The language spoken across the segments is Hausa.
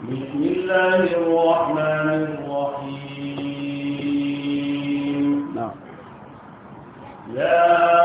بسم الله الرحمن الرحيم نعم لا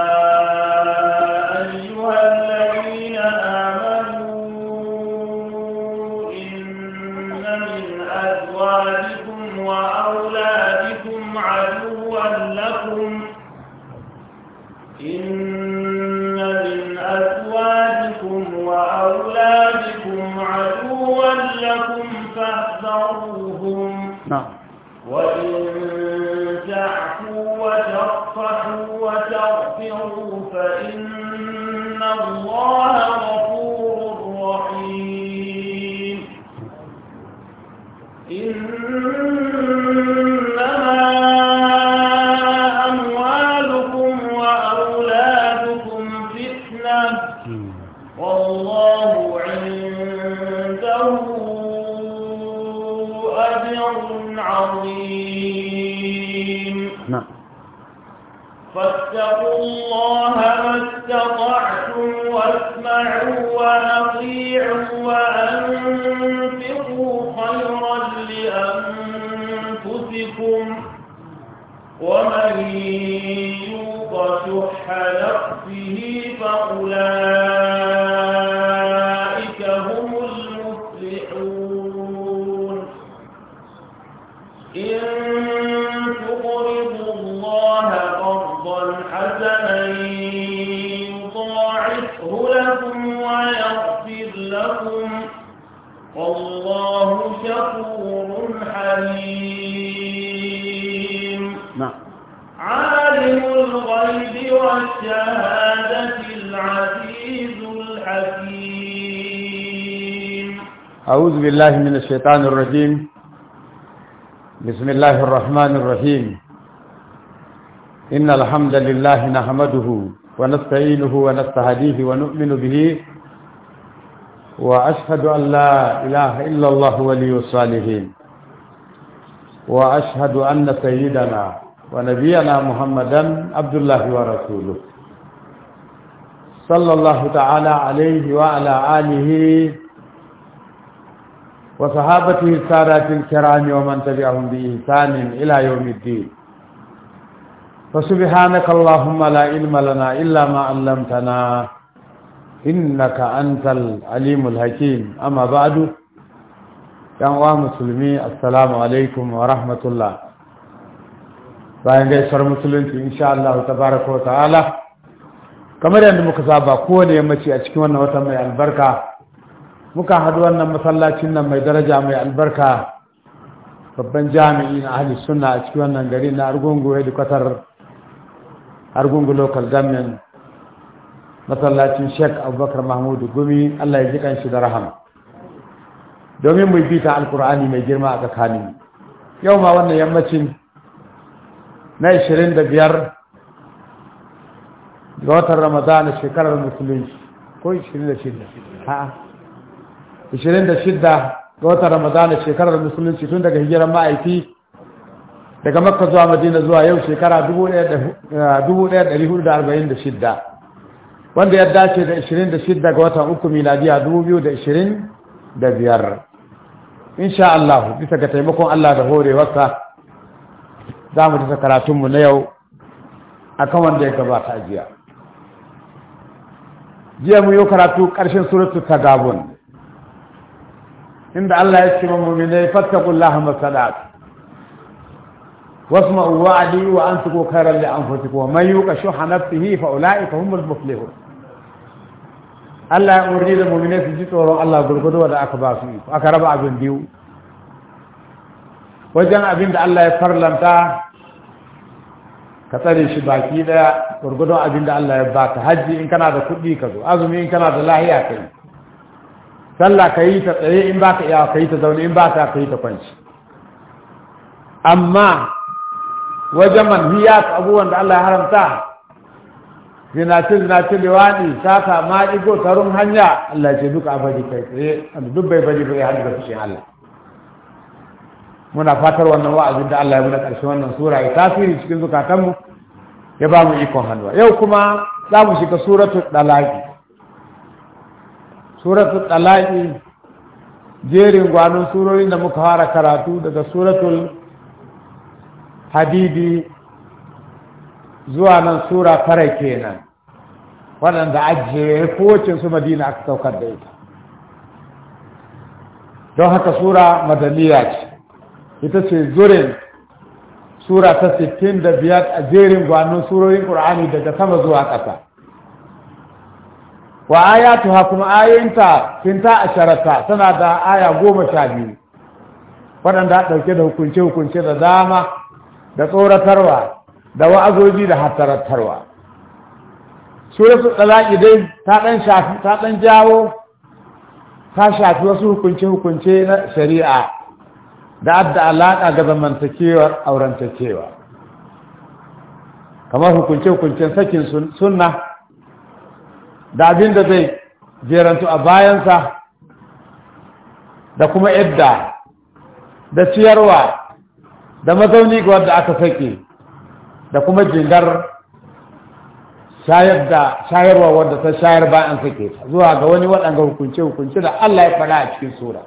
عالم الغيب والشهادة العزيز الحكيم أعوذ بالله من الشيطان الرجيم بسم الله الرحمن الرحيم إن الحمد لله نحمده ونستعينه ونستهديه ونؤمن به وأشهد أن لا إله إلا الله ولي الصالحين وأشهد أن سيدنا ونبينا محمدا عبد الله ورسوله صلى الله تعالى عليه وعلى آله وصحابته السادات الكرام ومن تبعهم بإحسان إلى يوم الدين فسبحانك اللهم لا علم لنا إلا ما علمتنا إنك أنت العليم الحكيم أما بعد يا مسلمي السلام عليكم ورحمة الله bayan gaisuwar musulunci insha Allah baraka, wa ta'ala kamar yadda muka saba kowane yammaci a cikin wannan watan mai albarka muka haɗu wannan masallacin nan mai daraja mai albarka babban jami'i na ahli sunna a cikin wannan gari na argungu hedikwatar argungu local government masallacin sheik abubakar mahmudu gumi allah ya ji kanshi da rahama domin mu bi ta alkur'ani mai girma a tsakanin yau ma wannan yammacin na 25 ga watan ramadana shekarar musulunci ko 26 ha 26 ga watan ramadana shekarar musulunci tun daga hijiran ma'aiki daga makka zuwa madina zuwa yau shekara 1446 eh, wanda ya dace da 26 ga watan uku miladiya 2025 insha Allah bisa ga taimakon Allah da horewarsa za mu tafi karatunmu na yau a kan wanda ya gabata a jiya. Jiya mu yi karatu ƙarshen suratu ta gabon. Inda Allah ya ce mamu ne ya fatta kulla hama Wasu ma'uwa a ɗi wa an tuko karar da an fata kuwa mai yi ƙashin hanafi hi fa'ula ula'i ka humar Allah ya umarni da mu su ji tsoron Allah gurgudu da aka ba su aka raba abin biyu. wajen abin da Allah ya farlanta ka tsare shi baki daya gurgudun abin da Allah ya baka hajji in kana da kuɗi ka zo azumi in kana da lahiya ka yi sallah ka yi ta tsaye in baka iya ka yi ta zaune in baka ka yi ta kwanci amma wajen manhiyat abubuwan da Allah ya haramta zinace zinace wani sata ma igo tarun hanya Allah ya ce duka a faɗi kai tsaye duk bai faɗi bai hannu da fushin Allah muna fatar wannan wa'azin da Allah ya muna ƙarshen wannan sura ya tasiri cikin zukatanmu ya ba mu ikon hannuwa yau kuma za mu shiga suratul ɗalaƙi suratul ɗalaƙi jerin gwanon surorin da muka fara karatu daga suratul hadidi zuwa nan sura kare kenan waɗanda ajiye kowace su madina aka saukar da ita don haka sura madaniya ce ita ce zurin sura ta 65 a jerin gwanon surorin ƙur'ani daga sama zuwa ƙasa wa ayatu ha kuma ayoyinta a sharata tana da aya goma sha biyu waɗanda ɗauke da hukunce-hukunce da dama da tsoratarwa da wa'azoji da hattaratarwa suratul tsalai dai ta ɗan jawo ta shafi wasu hukunce-hukunce na shari'a da adda alaƙa ga zamantakewar aurantakewa kamar hukunce-hukuncen sakin sunna da abin da zai jerantu a bayansa da kuma idda da ciyarwa da mazauni ga wadda aka sake da kuma jingar shayarwa wadda ta shayar bayan sake zuwa ga wani waɗanga hukunce-hukunce da Allah ya faɗa a cikin sura.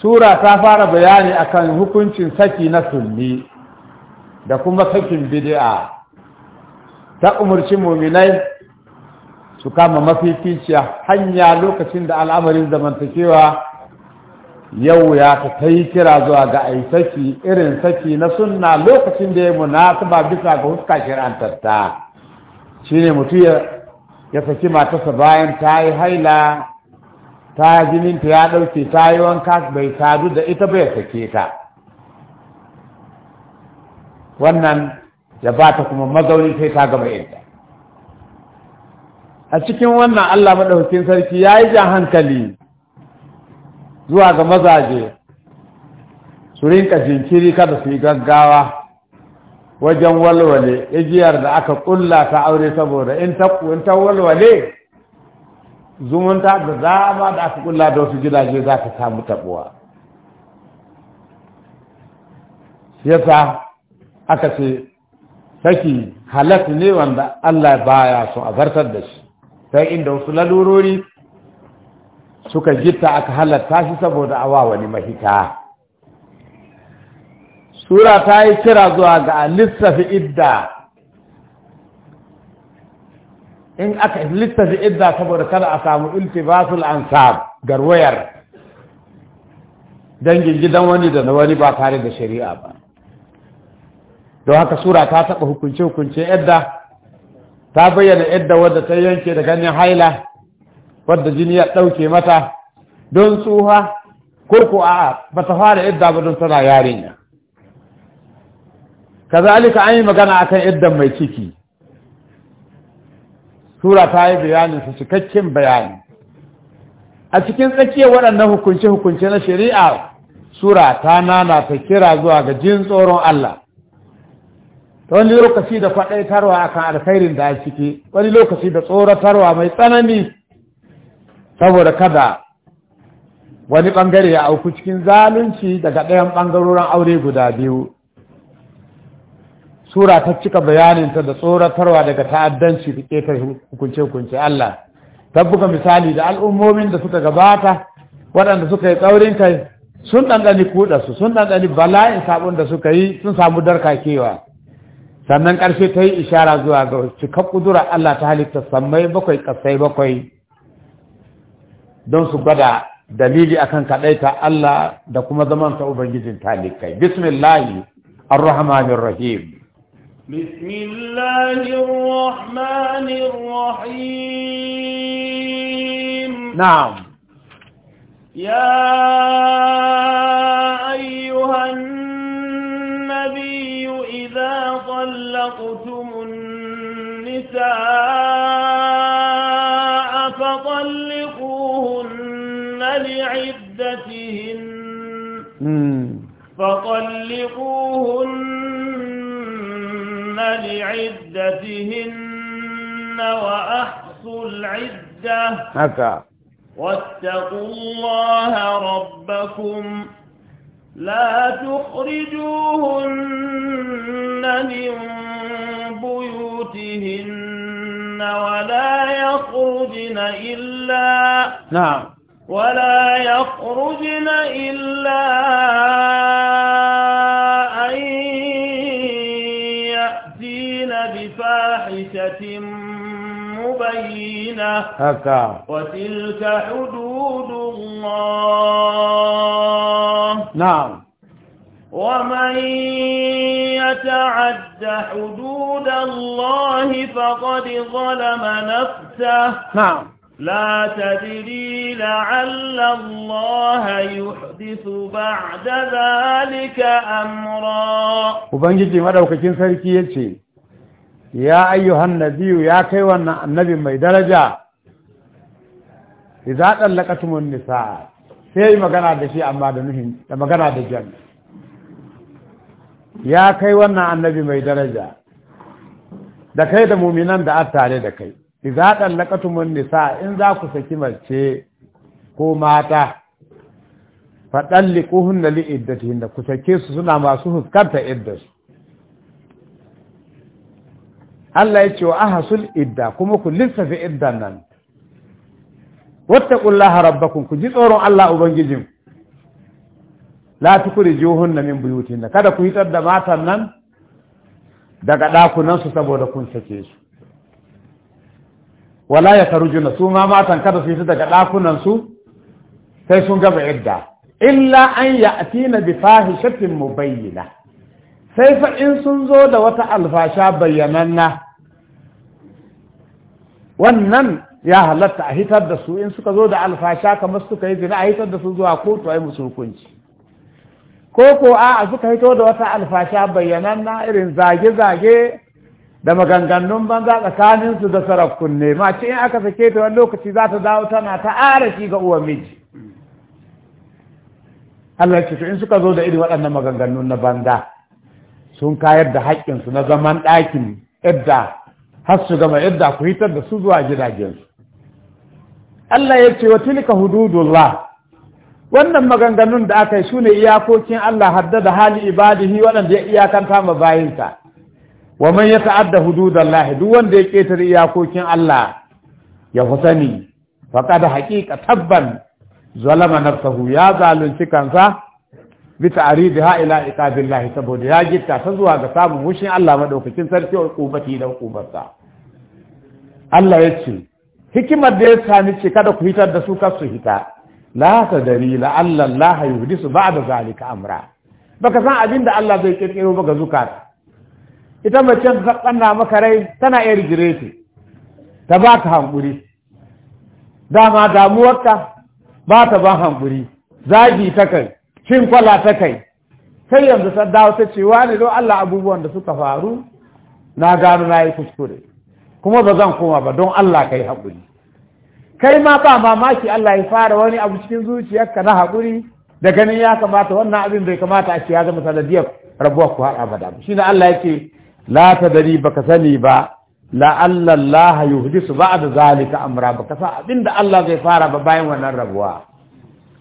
sura ta fara bayani akan hukuncin saki na sunni da kuma sakin bid'a ta umarci muminai su kama mafificiya hanya lokacin da al'amarin zamantakewa yau ya ta ta kira zuwa ga ai saki irin saki na sunna lokacin da ya munasaba bisa ga huska shir'antarta shine mutum ya saki matarsa bayan ta yi haila ta jininta ya ɗauke ta yi wanka bai sadu da ita bai sake ta wannan ya ba ta kuma mazauni sai ta gama yadda a cikin wannan Allah maɗaukin sarki ya yi jan hankali zuwa ga mazaje su rinka jinkiri kada su yi gaggawa wajen walwale ajiyar da aka ƙulla ta aure saboda in ta walwale zumunta da dama da aka kulla da wasu gidaje za ka samu tabuwa yasa aka ce saki halatta ne wanda Allah baya so a zartar da shi sai inda wasu lalurori suka gita aka halatta shi saboda awa wani mahita sura ta yi kira zuwa ga lissafi idda in aka littafi idda saboda kada a samu iltibasul ansab garwayar dangin gidan wani da na wani ba tare da shari'a ba don haka sura ta taɓa hukunce-hukunce idda, ta bayyana yadda wadda ta yanke da ganin haila wadda jini ya ɗauke mata don tsuha ko ko a ba ta fara idda ba don tana yarinya kazalika an yi magana akan yadda mai ciki sura ta yi bayanin su cikakken bayani a cikin tsakiyar waɗannan hukunce-hukunce na shari'a sura ta nana ta kira zuwa ga jin tsoron Allah ta wani lokaci da faɗaitarwa akan alkhairin da a ciki wani lokaci da tsoratarwa mai tsanani saboda kada wani ɓangare ya auku cikin zalunci daga ɗayan ɓangarorin aure guda biyu sura ta cika bayaninta da tsoratarwa daga ta'addanci da ƙetar hukunce-hukunce Allah ta buga misali da al'ummomin da suka gabata waɗanda suka yi tsaurin kai sun ɗanɗani kuɗa sun ɗanɗani bala'in sabon da suka yi sun samu darka kewa. sannan ƙarshe ta yi ishara zuwa ga cikar ƙudura Allah ta halitta sammai bakwai ƙasai bakwai don su gwada dalili akan kaɗaita Allah da kuma zaman ta Ubangijin talikai bismillahi ar-rahmanir rahim بسم الله الرحمن الرحيم نعم يا العدة هكا واتقوا الله ربكم لا تخرجوهن من بيوتهن ولا يخرجن إلا نعم ولا يخرجن إلا أن يأتين بفاحشة بينة هكا وتلك حدود الله نعم ومن يتعد حدود الله فقد ظلم نفسه نعم لا تدري لعل الله يحدث بعد ذلك أمرا وبنجي دوكين سركي يلشي ya ayyuhan nabiyu ya kai wannan annabi mai daraja idza dallaqatumun nisaa sai magana da shi amma da nuhin da magana da jan ya kai wannan annabi mai daraja da kai da muminan da attare da kai idza dallaqatumun nisaa in za ku saki mace ko mata faɗalli ƙuhun da li'iddatihin da ku sake su suna masu huskarta iddatu Allah ya ce wa ahasul idda kuma ku lissafi iddan nan wattaqullaha rabbakum ku ji tsoron Allah ubangijin la tukrijuhunna min buyutinna kada ku hitar da matan nan daga dakunan su saboda kun sake su wala yakrujuna su ma matan kada su hitar daga dakunan su sai sun gaba idda illa an ya'tina bi fahishatin mubayyinah sai fa in sun zo da wata alfasha bayyananna wannan ya halatta a hitar da su in suka zo da alfasha kamar suka yi zina a hitar da su zuwa kotu a yi musu hukunci ko ko a suka hito da wata alfasha bayyananna irin zage-zage da maganganun banza tsakaninsu da sarakunne mace in aka sake ta wani lokaci za ta dawo tana ta arashi ga uwa miji Allah ce in suka zo da irin waɗannan maganganun na banza sun kayar da haƙƙinsu na zaman ɗakin idda har su gama idda ku hitar da su zuwa gidajensu Allah ya ce wa tilka hududullah wannan maganganun da aka yi su ne iyakokin Allah haddada hali ibadihi waɗanda ya iyakanta ma bayinsa wa man ya ta'adda hududallah duk wanda ya ƙetare iyakokin Allah ya husani da haqiqa tabban zalama nafsahu ya zalunci kansa bi ta'ridiha ila iqabillahi saboda ya gitta ta zuwa ga samun mushin Allah madaukakin sarki wa kubati da kubarsa Allah ya ce hikimar da ya sami ce kada ku hitar da su kar su hita la ta dalila Allah la yuhdisu ba'da zalika amra baka san abin da Allah zai kirkiro baka zukar. ita mace ta kanna maka rai tana iya ta ba ka hankuri dama damuwarka ba ta ban hankuri zagi ta kai cin kwala ta kai sai yanzu ta dawo ta ce wani don Allah abubuwan da suka faru na gano na yi kuskure kuma ba zan koma ba don Allah kai haƙuri kai ma ba mamaki Allah ya fara wani abu cikin zuciyarka na haƙuri da ganin ya kamata wannan abin bai kamata a ce ya zama sanadiyar rabuwa ku har abada shi ne Allah yake la ta dari baka sani ba la Allah la yuhdisu da zalika amra baka sa abin da Allah zai fara ba bayan wannan rabuwa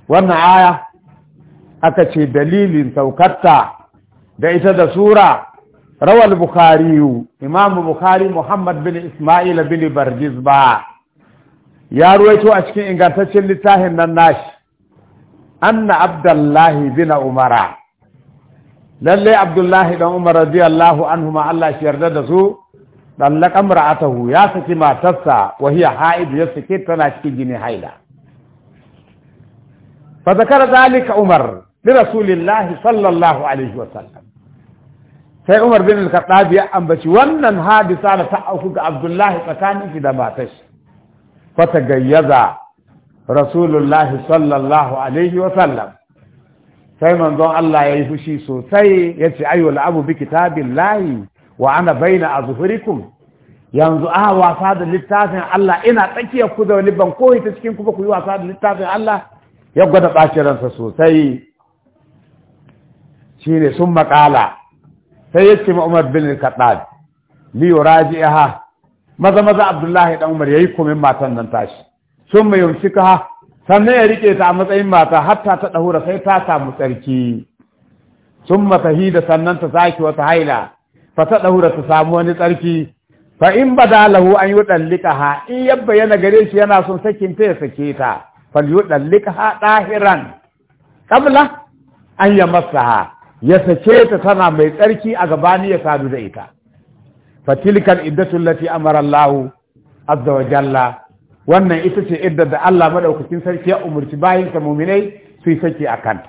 wannan aya aka ce dalilin saukarta da ita da sura rawal bukhari imam bukhari muhammad bin isma'il bin barjizba ya ruwaito a cikin ingantaccen littafin nan nashi anna abdullahi bin umara Lallai abdullahi dan umar radiyallahu anhu ma Allah shi yarda da su dallaka mar'atahu ya saki matarsa wa hiya haid ya saki tana cikin gini haila fa zakara zalika umar Ni rasulillahi sallallahu alaihi wa sallam sai Umar bin al-Khattab ya ambaci wannan hadisa da ta auku ga Abdullahi tsakanin shi da matar shi fa tagayyaza rasulullahi sallallahu alaihi wa sallam sai manzon Allah ya yi fushi sosai ya ce ayyul abu bi kitabillahi wa ana baina azhurikum yanzu a wasa da littafin Allah ina tsakiyar ku da wani ban koyi ta cikin ku ba ku yi wasa da littafin Allah ya gwada bacin sosai shine sun maƙala sai ya ce Umar bin Khattab li yuraji'aha maza maza Abdullahi dan Umar yayi komin matan nan tashi sun mai yumsikaha sannan ya rike ta a matsayin mata hatta ta dahura sai ta samu tsarki sun matahida sannan ta zaki wata haila fa ta dahura ta samu wani tsarki fa in lahu an yudallikaha in ya bayyana gare shi yana son sakin ta ya sake ta fal yudallikaha dahiran qabla an ha. ya sace ta tana mai tsarki a gabani ya sadu da ita fatilkan iddatul lati amara Allah azza wa jalla wannan ita ce idda da Allah madaukakin sarki ya umurci bayin ta mu'minai su yi saki kan.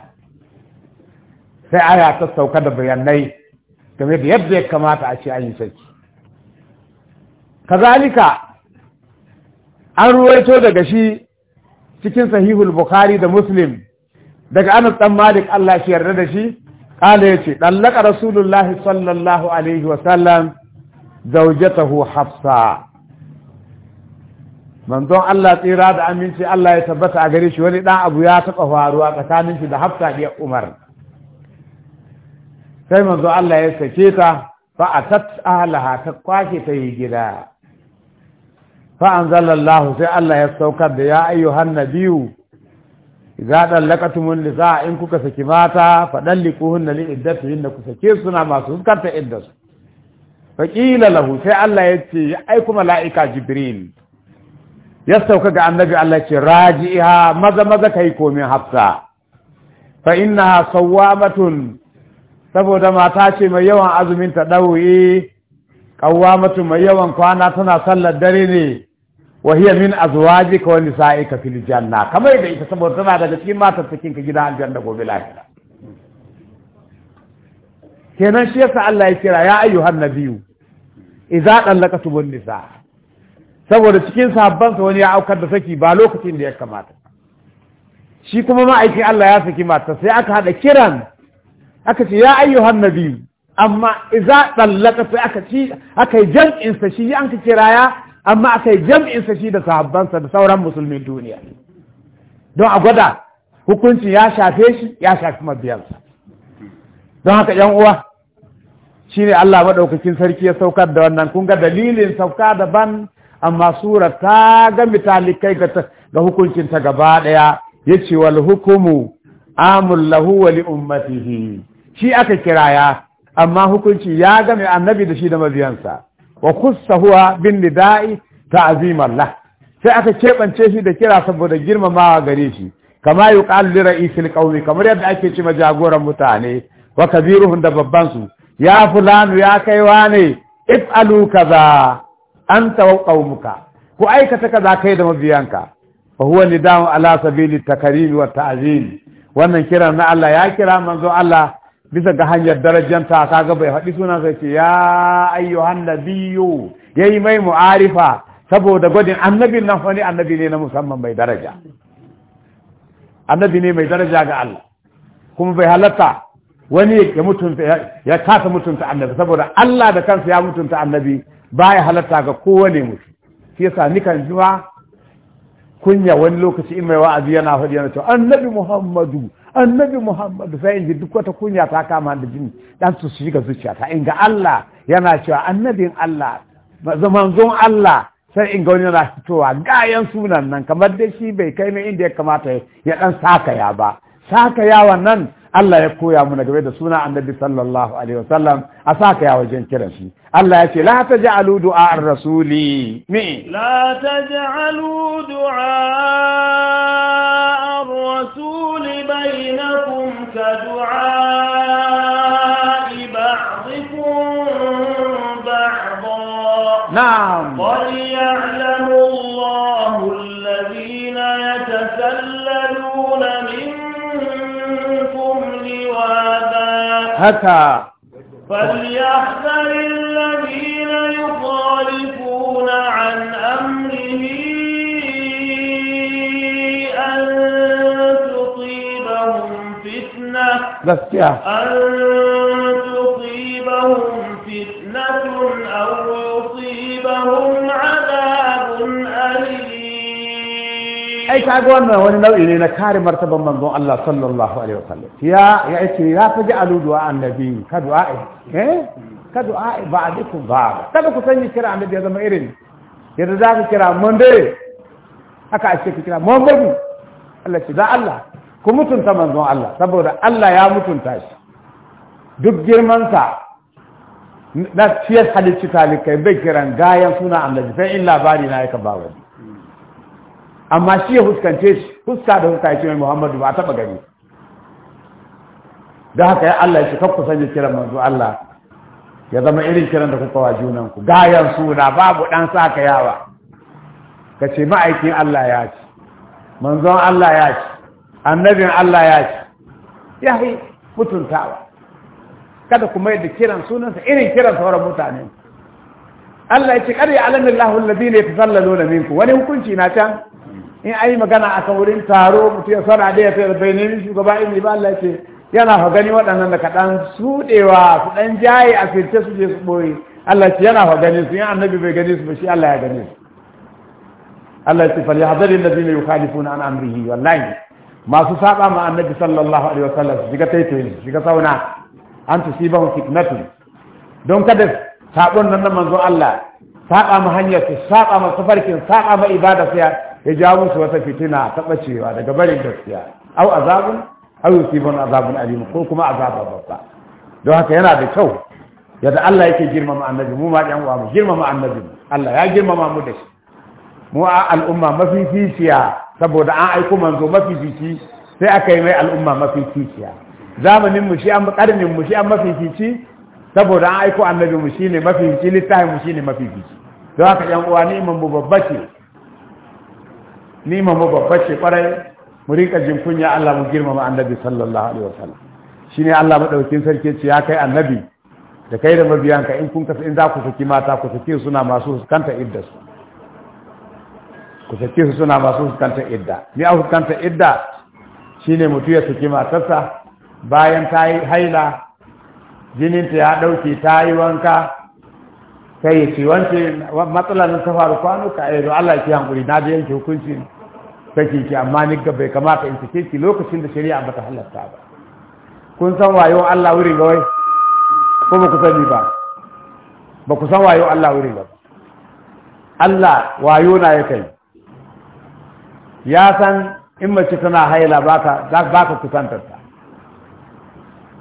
sai aya ta sauka da bayanai game da yadda ya kamata a ce an yi saki kazalika an ruwaito daga shi cikin sahihul bukhari da muslim daga anas dan malik Allah shi yarda da shi قال يتي طلق رسول الله صلى الله عليه وسلم زوجته حفصة من دون الله تيراد أمين سي الله يتبت أغريش ولي دان أبو ياسق أفاروا قتامين سي دحفصة دي عمر sai manzo Allah ya sake ta fa atat ahlaha ta kwashe ta yi gida fa anzalallahu sai Allah ya saukar da ya ayyuhan nabiyyu za idza mun nisa in kuka saki mata fadallikuhunna li da ku sake suna masu su inda ƙila lahu sai Allah ya ce ya aiku malaika jibril ya sauka ga annabi Allah ce raji'iha maza maza ka yi komin hafsa fa innaha sawwamatun saboda mata ce mai yawan azumin ta ɗauye ƙawwamatun mai yawan kwana tana sallar dare ne Wahi ya min azwajika wa nisa'ika fil janna kamar da ita saboda tana daga cikin matar cikin ka gidan aljanna gobe lahira kenan shi yasa Allah ya kira ya ayyuhan nabiyyu idza dallaqatumun nisa saboda cikin sahabban wani ya aukar da saki ba lokacin da ya kamata shi kuma ma'aikin Allah ya saki mata sai aka hada kiran aka ce ya ayyuhan amma aka shi an ka amma aka yi jam'in sa shi da sahabbansa da sauran musulmin duniya don a gwada hukunci ya shafe shi ya shafi mabiyansa don haka yan uwa shi ne Allah maɗaukakin sarki ya saukar da wannan kun ga dalilin sauka daban amma sura ta ga mitalikai ga hukuncin ta gaba ɗaya yace wal hukumu amul lahu wa li ummatihi shi aka kiraya amma hukunci ya ga mai annabi da shi da mabiyansa wa kusa huwa bin nida'i ta'ziman la sai aka keɓance shi da kira saboda girmamawa gare shi kama yuqalu li ra'isil qaumi kamar yadda ake ce ma jagoran mutane wa kabiruhum da babban su ya fulanu ya wa ne if'alu kaza anta wa qaumuka ku aikata kaza kai da mabiyanka fa huwa nida'u ala sabili takarimi wa ta'zim wannan kiran na Allah ya kira manzo Allah bisa ga hanyar darajanta kaga bai haɗi suna sai ce ya ayyuhan nabiyyu yayi mai mu'arifa saboda godin annabin nan fa annabi ne na musamman mai daraja annabi ne mai daraja ga Allah kuma bai halatta wani ya mutunta ya kasa mutunta annabi saboda Allah da kansa ya mutunta annabi baya halatta ga kowane mutum shi yasa nikan jiwa kunya wani lokaci in mai wa'azi yana faɗi yana cewa annabi Muhammadu annabi muhammadu sai in duk wata kunya ta kama da jini dan su shiga zuciya ta in ga Allah yana cewa annabin Allah zon Allah sai in ga wani yana fitowa gayan sunan nan kamar dai shi bai kai na inda ya kamata ya dan sakaya ba sakaya nan Allah ya koya mu game da suna annabi sallallahu alaihi wasallam a saka wajen kiran shi Allah ya ce la taj'alu du'a ar-rasuli mi la taj'alu du'a بينكم كدعاء بعضكم بعضا نعم وليعلم الله الذين يتسللون منكم لواذا هكا فليحذر الذين يخالفون عن أمره gaskiya an tusibahum fitnatun wannan wani nau'i ne na kare martaban manzon Allah sallallahu alaihi wasallam ya ya ce ya faji alu du'a annabi ka du'a eh ka du'a ba'dikum ba'd kada ku sanya kira annabi ya zama irin yadda za ka kira monday haka ake kira muhammadu Allah ce za Allah ku mutunta manzon Allah saboda Allah ya mutunta shi duk girmansa na ciyar halicci talikai bai kiran gayan suna annabi sai in labari na yaka ba wani amma shi ya huskance shi huska da huska ya mai muhammadu ba a taɓa gani da haka ya Allah ya ce kakku sanya kiran manzo Allah ya zama irin kiran da kuka wa junanku gayan suna babu ɗan sa ka yawa ka ce ma'aikin Allah ya ci manzon Allah ya ci annabin Allah ya ce ya yi mutuntawa kada kuma yadda kiran sunansa irin kiran sauran mutane Allah ya ce kada ya alamin lahun labi ne ta sallalo na minku wani hukunci na can in yi magana a wurin taro mutum ya sana da ya sayar bai nemi shugaba in ba Allah ya ce yana fa gani waɗannan da kaɗan suɗewa su ɗan jaye a firce su je su ɓoye Allah ya ce yana fa gani su yin annabi bai gani su ba shi Allah ya gani su Allah ya ce fal yahdari alladhina yukhalifuna an amrihi wallahi masu saba ma annabi sallallahu alaihi wasallam diga taito taitoyin su sauna an tusibahu fitnatu don kada sabon nan nan manzo Allah saba ma hanyar su saba ma safarkin saba ma ibada sai ya jawo musu wata fitina ta bacewa daga barin gaskiya au azabun au yusibun azabun alim ko kuma azaba babba don haka yana da kyau yadda Allah yake girmama annabi mu ma ɗan uwa mu girmama annabi Allah ya girmama mu da shi mu a al'umma mafi fifiya saboda an aiko manzo mafi sai aka yi mai al'umma mafi ficiya zamanin mu shi an karnin mu shi an mafi saboda an aiko annabi mu shine mafi fici littafin mu shine mafi fici don haka yan uwa ni mu babba ce ni mu babba ce kwarai mu rinka jin kunya Allah mu girmama annabi sallallahu alaihi wasallam shine Allah madaukin sarki ce ya kai annabi da kai da mabiyanka in kun kasa in za ku saki mata ku saki suna masu kanta iddasu ku su suna masu fuskantar idda ni a fuskantar idda shine mutu ya saki matarsa bayan ta yi haila jininta ya ɗauki ta yi wanka sai ya ce wance matsalar ta faru kwanuka a eh, yanzu Allah ke hankuri na da yanke hukunci sake ki amma ni ga bai kamata in cike ki lokacin da shari'a ba ta halatta ba kun san wayo Allah wuri ga wai ko ba ku sani ba ba ku san wayo Allah wuri ba Allah wayo na ya kai ya san in mace tana haila baka baka kusantarta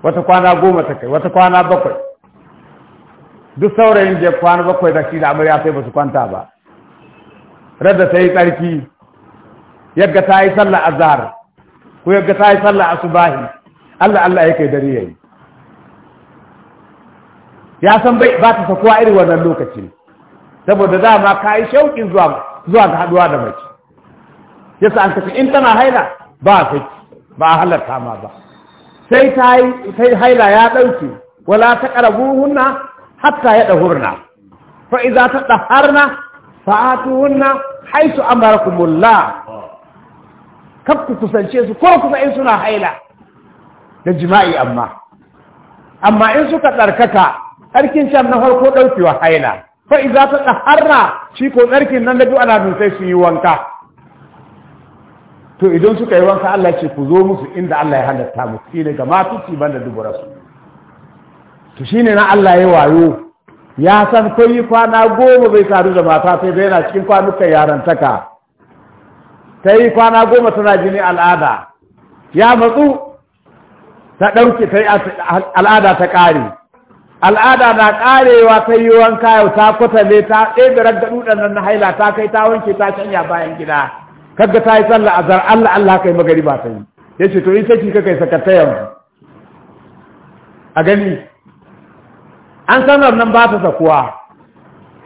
wata kwana goma ta kai wata kwana bakwai duk saurayin je kwana bakwai da shi da amarya sai ba su kwanta ba radda ta yi tsarki yadda ta yi sallah azhar ko yadda ta yi sallah asubahi Allah Allah ya kai dare yi ya san bai ba ta sakuwa irin wannan lokaci saboda dama ka yi shauƙin zuwa zuwa ga haduwa da mace yasa an tafi in tana haila ba saki ba a halarta ma ba sai ta yi haila ya ɗauke wala ta ƙarabuhunna hatta ya ɗahurna fa iza ta ɗaharna fa'atuhunna haisu amarakumullah kaf ku kusance su ko kuma in suna haila da jima'i amma amma in suka tsarkaka ɗarkin can na farko ɗaukewa haila fa iza ta ɗaharna shi ko ɗarkin nan da biyu ana dusai su yi wanka to idan suka yi wanka Allah ce ku zo musu inda Allah ya halatta mu shi ne ga matuci ban da dubura su to shine na Allah ya wayo ya san kai yi kwana goma bai sadu da mata sai bai yana cikin kwanukan yarantaka ta yi kwana goma tana jini al'ada ya matsu ta ɗauke ta yi al'ada ta ƙare al'ada na ƙarewa ta yi wanka yau ta kwatale ta ɗebe raggaɗu ɗan nan na haila ta kai ta wanke ta canja bayan gida Kadda ta yi sallah zar Allah Allah kai ba ta yi ce to in sai ka kai sakatta yanzu a gani an sanar nan ba ta sakuwa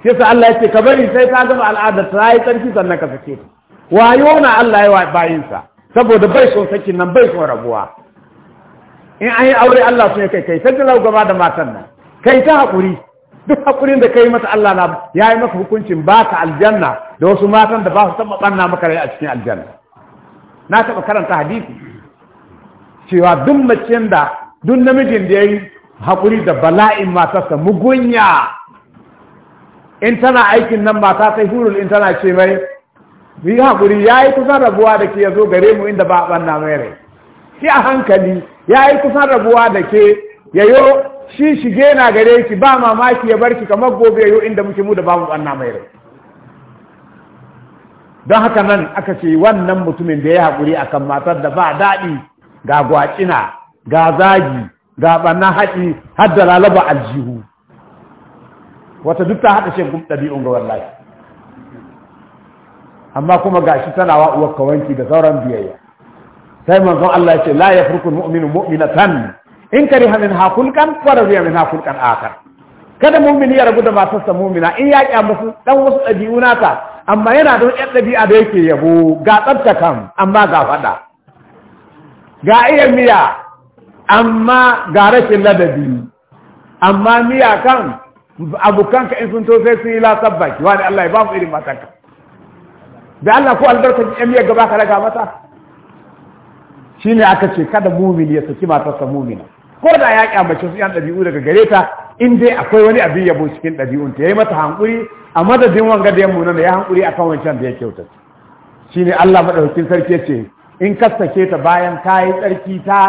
sai sa Allah ya ce ka bari sai ta gama al'adar ta yi tsarki sannan ka sake ta wayo na Allah ya bayinsa saboda bai son sakin nan bai son rabuwa in an yi aure Allah sun kai kai sai lau gaba da matan nan kai ta haƙuri duk hakurin da kai mata Allah na ya yi maka hukuncin ba ka aljanna da wasu matan da ba su taɓa ɓanna maka rai a cikin aljanna na taɓa karanta hadisi cewa duk macen da duk namijin da ya yi haƙuri da bala'in matarsa mugunya in tana aikin nan mata sai hurul in tana ce mai yi haƙuri ya yi kusan rabuwa da ke ya zo gare mu inda ba a ɓanna mai rai ki a hankali ya yi kusan rabuwa da ke ya shi shige na gare ki ba mamaki ya bar ki kamar gobe yau inda muke mu da babu banna mai rai don haka nan aka ce wannan mutumin da ya haƙuri akan matar da ba daɗi ga gwacina ga zagi ga ɓanna haɗi har lalaba aljihu wata duk ta haɗa shi ɗabi'un ga wallahi amma kuma ga shi tana wa uwar kawanki da sauran biyayya sai manzon Allah ya ce la yafrukul mu'minu mu'minatan in kariha min ha kulkan wa radiya min ha kulkan akar kada mumini ya rabu da matarsa mumina in ya kya musu dan wasu ɗabi'u nata amma yana da wani ɗabi'a da yake yabo ga tsabta kan amma ga faɗa ga iya miya amma ga rashin ladabi amma miya kan abokanka in sun to sai sun yi lasar baki wani Allah ya ba mu irin matanka da Allah ko albarkar yan miya gaba ka raga mata shine aka ce kada mumin ya saki matarsa mumina ko da ya kyamace su yan ɗabi'u daga gare ta in dai akwai wani abin yabo cikin ɗabi'un ta yi mata hankuri a madadin wanga da yammu nan ya hankuri akan wancan da ya kyauta shine Allah madaukakin sarki ce in kasake ta bayan ta yi tsarki ta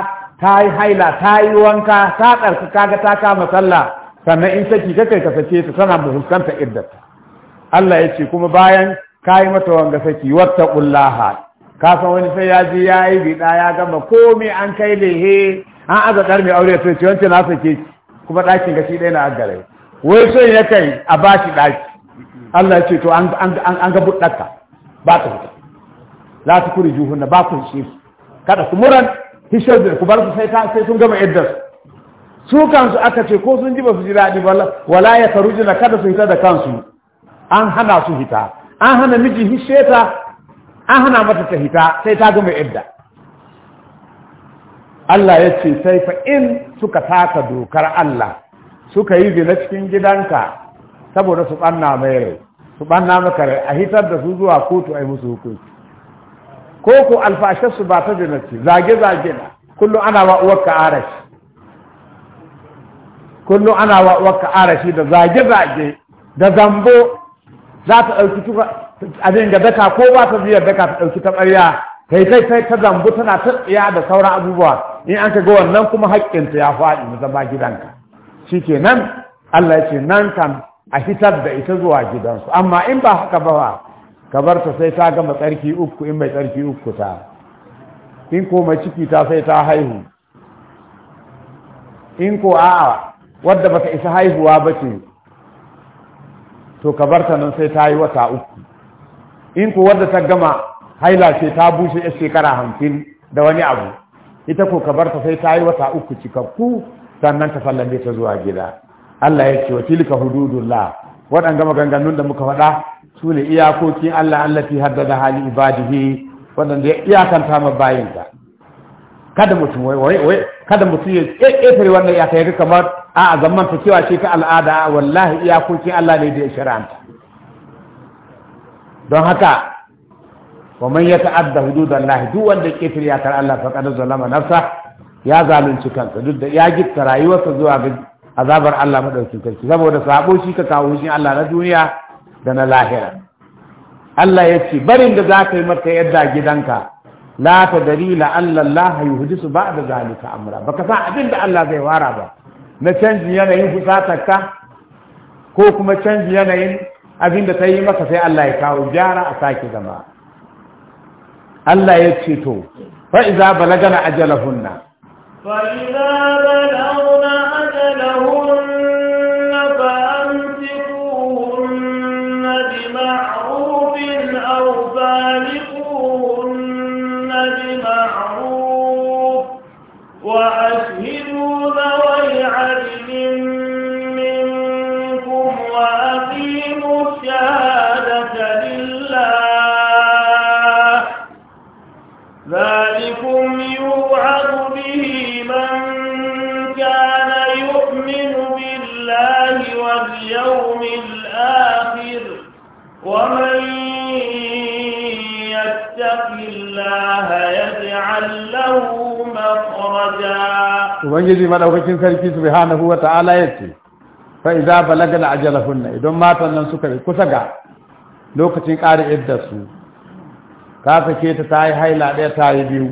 ta yi haila ta yi wanka ta ta kaga ta kama sallah sannan in saki ta kai ka ta tana muhuskanta iddata Allah ya ce kuma bayan ka yi mata wanga saki wata ƙullaha ka san wani sai ya je ya yi biɗa ya gama komai an kai lehe an aza ɗar mai aure sai ce wancan na ke kuma ɗakin ga shi ɗaya na aggare wai sai ya kai a ba shi ɗaki Allah ya ce to an ga buɗɗaka ba ta fita la ta kuri na ba ku shi kada ku muran hishar da ku bar su sai sai sun gama yadda su kansu aka ce ko sun ji ba su ji daɗi ba wala ya farujina kada su hita da kansu an hana su hita an hana miji hisheta an hana mata ta hita sai ta gama yadda. Allah ya ce sai fa in suka taka dokar Allah suka yi zina cikin gidanka saboda su ɓanna mai rai su ɓanna maka rai a hitar da su zuwa kotu a yi musu hukunci ko ku alfashe su ba ta zina ce zage-zage na kullum ana wa uwarka arashi kullum ana wa uwarka arashi da zage-zage da zambo za ta ɗauki a dinga daka ko ba ta biyar daka ta ɗauki ta ɓarya kai sai sai ta zambu tana ta tsaya da sauran abubuwa in an ka ga wannan kuma haƙƙinta ya faɗi mu zama gidanka Shi ke nan, Allah ce nan kan a hitar da ita zuwa gidansu amma in ba haka ba ka bar ta sai ta gama tsarki uku in mai tsarki uku ta in ko mai ciki ta sai ta haihu in ko a'a wadda ta isa haihuwa ba ce to ka bar ta nan sai ta yi wata uku in ko wadda ta gama haila sai ta bushe ya shekara hamsin da wani abu ita ko kabar ta sai ta yi wata uku cikakku sannan ta sallame ta zuwa gida Allah ya ce wa tilka hududullah waɗanga maganganun da muka faɗa su ne iyakokin Allah allati haddada hali ibadihi waɗanda ya iyakanta ma bayinta kada mutum wai wai wai kada mutum ya ƙetare wannan iyaka ya kamar a zaman ta cewa ce ka al'ada wallahi iyakokin Allah ne da ya shara'anta don haka wa man yata'adda hududallahi du wanda ketare ya kar Allah faqad zalama nafsa ya zalunci kansa duk da ya gitta rayuwarsa zuwa azabar Allah madaukin sarki saboda sabo shi ka kawo shi Allah na duniya da na lahira Allah ya ce barin da za yi mata yadda gidanka la ta dalila Allah Allah da ba'da zalika amra baka san abin da Allah zai wara ba na canjin yanayin fusatarka ko kuma canjin yanayin abin da ta yi maka sai Allah ya kawo gyara a sake zama Allah ya ce to fa iza balagana ajalahunna fa iza balagna ajalahunna lahu makhraja ubangiji madaukakin sarki subhanahu wa ta'ala yace fa idza balagna ajalahunna idan matan nan suka kusa ga lokacin ƙara idda su ka sake ta ta yi haila ɗaya ta yi biyu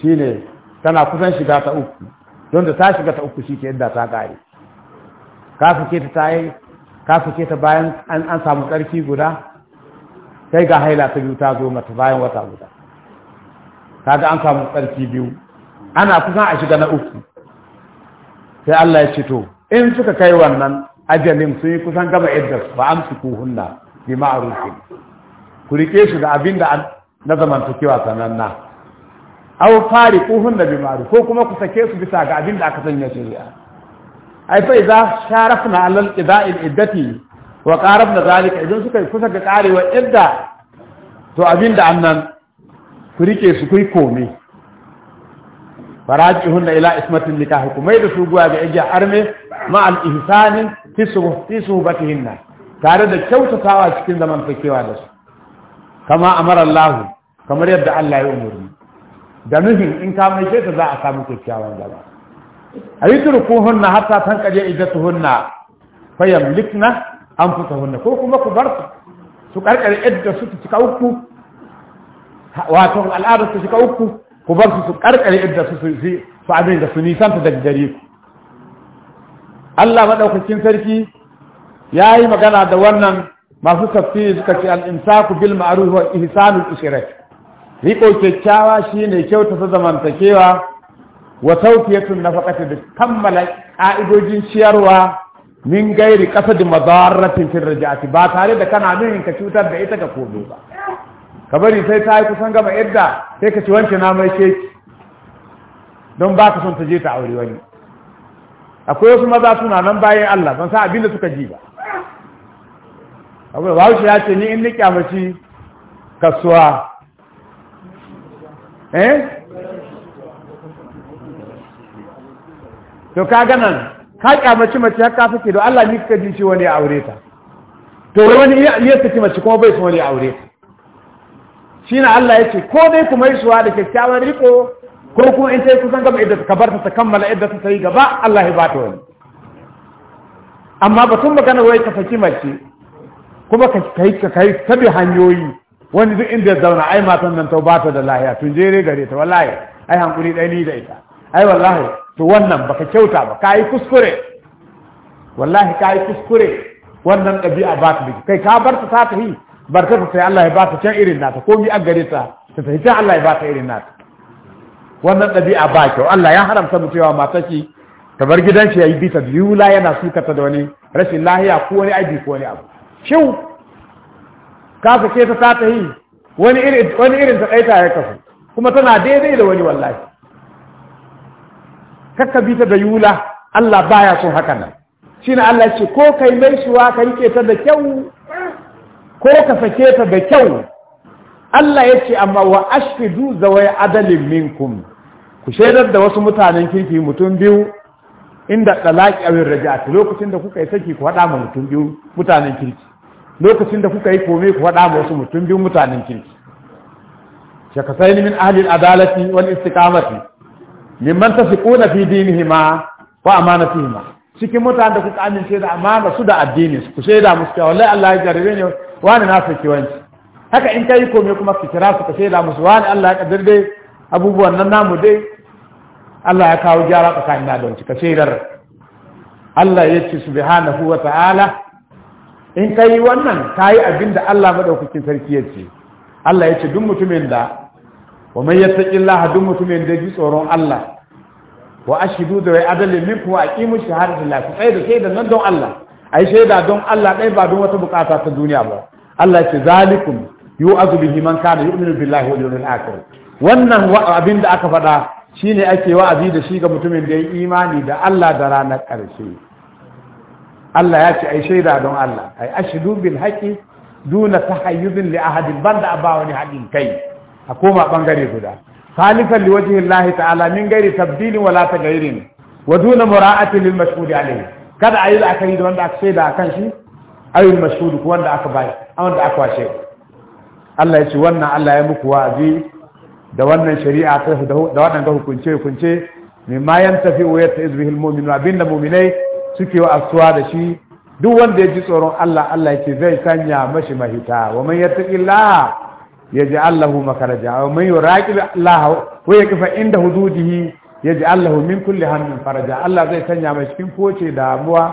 shine tana kusan shiga ta uku don da ta shiga ta uku shi ke idda ta ƙare ka sake ta ta yi ka sake ta bayan an samu tsarki guda sai ga haila ta biyu ta zo mata bayan wata guda kaga an samu tsarki biyu ana kusan a shiga na uku sai Allah ya ce to in suka kai wannan ajalin sun yi kusan gama yadda ba su kuhunna bi ma'arufi ku rike su da abin da na zamantakewa sananna aw fari kuhunna bi ma'ruf ko kuma ku sake su bisa ga abin da aka sanya shari'a ai fa idza sharafna alal ida'il iddati wa qarabna zalika idan suka kusa ga karewa idda to abin da annan ku rike su kai komai faraji hunna ila ismatin nikahi ku mai da su guwa ga igiya arme ma al ihsanin fi suhbatihinna tare da kyautatawa cikin zaman fakewa da su kama amara Allah kamar yadda Allah ya umurni da nufin in ka mai ta za a samu kyakkyawan gaba ayi hunna hatta likna an fayamlikna hunna ko kuma ku bar su su karkare idda su ta cika wato al'adar su shiga uku ku bar su su karkare idda su su abin da su nisanta daga gare ku Allah madaukakin sarki ya yi magana da wannan masu tafsiri suka ce al'insaku bil ma'ruf wa al-ishrat riko kyakkyawa shine kyautata zamantakewa wa tawfiyatun nafaqati da kammala ka'idojin ciyarwa min gairi qasadin madarratin fil raj'ati ba tare da kana nuna ka cutar da ita ga kodo ba ka bari sai ta yi kusan gama yadda sai ka ci wance na mai sheki don ba ka son ta je ta aure wani akwai wasu maza suna nan bayan Allah ban sa abin da suka ji ba akwai bahaushe ya ce ni in ni kyamaci kasuwa eh to ka ganan ka kyamaci mace har ka fike don Allah ni kika ji shi wani aure ta to wani iya saki mace kuma bai son wani aure ta shi na Allah ya ce ko dai kuma yi suwa da kyakkyawan riko ko kuma in sai kusan gama idda ka barta ta kammala idda ta yi gaba Allah ya bata wani amma batun magana wai ka saki mace kuma ka kai ka kai ta bi hanyoyi wani duk inda ya zauna ai matan nan ta bata da lahiya tun jere gare ta wallahi ai hankuri dai ni da ita ai wallahi to wannan baka kyauta ba ka yi kuskure wallahi ka yi kuskure wannan ɗabi'a ba ta kai ka barta ta ta yi barkata sai Allah ya ba ta can irin nata ko bi an gare ta ta tafi can Allah ya ba ta irin nata wannan ɗabi'a ba kyau Allah ya haramta mu cewa mata ki ta bar gidan shi yayi bita yula yana sukata da wani rashin lahiya ko wani aibi ko wani abu shin ka ka ce ta ta yi wani irin wani irin ta ɗaita ya kafu kuma tana daidai da wani wallahi kakka bi ta da yula Allah baya son haka nan shine Allah ya ce ko kai mai suwa ka rike ta da kyau ko ka sake ta da kyau Allah ya ce amma wa ashfidu zawai adalin minkum ku shaidar da wasu mutanen kirki mutum biyu inda talaqi awin raja'ati lokacin da kuka yi saki ku haɗa ma mutum biyu mutanen kirki lokacin da kuka yi kome ku haɗa ma wasu mutum biyu mutanen kirki shakasaini min ahli al-adalati wal istiqamati mimman tasiquna fi dinihima wa amanatihima cikin mutanen da kuka amince da amana su da addini sai da musu cewa wallahi Allah ya jarabe ne wani na saki wanci haka in kai komai kuma fikira su ka da musu wani Allah ya kaddar dai abubuwan nan namu dai Allah ya kawo gyara tsakanin da don sai shaidar Allah ya ce subhanahu wa ta'ala in kai wannan kai abin da Allah madaukakin sarki ya ce Allah ya ce duk mutumin da wa man yattaqillaha duk mutumin da ya ji tsoron Allah wa ashidu da wai adalin minkum wa aqimu shahadatu lillahi ku da shaida nan don Allah ai shaida don Allah dai ba don wata bukata ta duniya ba Allah ce zalikum yu'azu bihi man kana yu'minu billahi wal yawmil akhir wannan abin da aka faɗa shine ake wa'azi da shi ga mutumin da ya imani da Allah da ranar ƙarshe Allah ya ce ai shaida don Allah ai ashidu bil haqi duna tahayyuzin li ahadin banda ba wani haɗin kai a koma bangare guda khalifan liwajhi Allah ta'ala min gairi tabdili wala tagayiri wa duna mura'ati lil mashhud alayhi kada ayi da aka yi da wanda aka shaida kan shi ayyul mashhud ko wanda aka bai wanda aka washe Allah ya ce wannan Allah ya muku wa'azi da wannan shari'a ta da wannan ga hukunce hukunce mimma tafi wa yata'iz bihi al-mu'minu abinda mu'minai suke wa asuwa da shi duk wanda ya ji tsoron Allah Allah ya ce zai sanya mashi mahita wa man yattaqillaha yaj'al lahu makaraja wa man yuraqib Allah wa yakfa inda hududihi yaj'al min kulli hammin faraja Allah zai sanya mai cikin foce da abuwa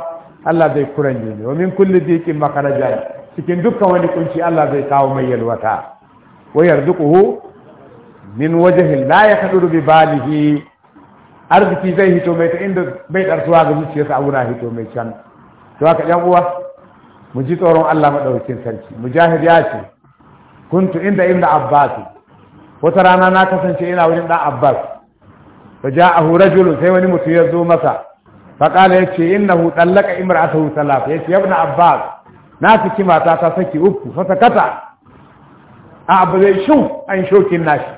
Allah zai kuranye ne wa min kulli dikin makaraja cikin dukkan wani kunci Allah zai kawo mai yalwata wa yarzuquhu min wajhin la yaqdiru bi balihi arziki zai hito mai ta inda bai ɗarsuwa ga zuciyarsa a wuna hito mai can to haka yan uwa mu ji tsoron Allah madaukin sarki mujahid ya ce kuntu inda ibn abbas wata rana na kasance ina wurin dan abbas fa hura rajulun sai wani mutum ya zo masa fa qala yace innahu dallaka imra'atahu talaq yace ibn abbas na saki mata ta saki uku fa sakata a abu zai shin an shokin nashi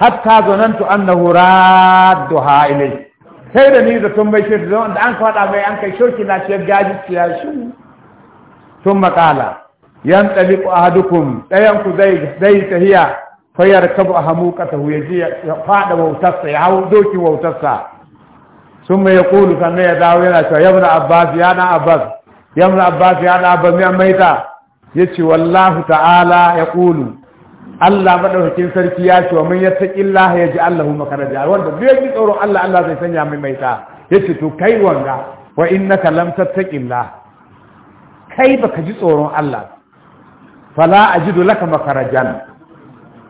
hatta zonantu annahu radduha ilai sai da ni da tun bai shi da an kwada mai an kai shokin nashi ya gaji ya shin tun makala yan taliku ahadukum ɗayan ku zai zai tahiya fayar kabu ahamuqatahu yaji ya faɗa wautarsa ya hau doki wautarsa sun mai kulu sannan ya dawo yana cewa yamna abbas ya na abbas yamna abbas ya na abbas mai maita ya ce wallahu ta'ala ya kulu Allah maɗaukakin sarki ya ce wa mun yattaki Allah ya ji Allahu makaraja wanda duk yake tsoron Allah Allah zai sanya mai maita yace to kai wanga wa innaka lam tattaqillah kai baka ji tsoron Allah fala ajidu laka makarajan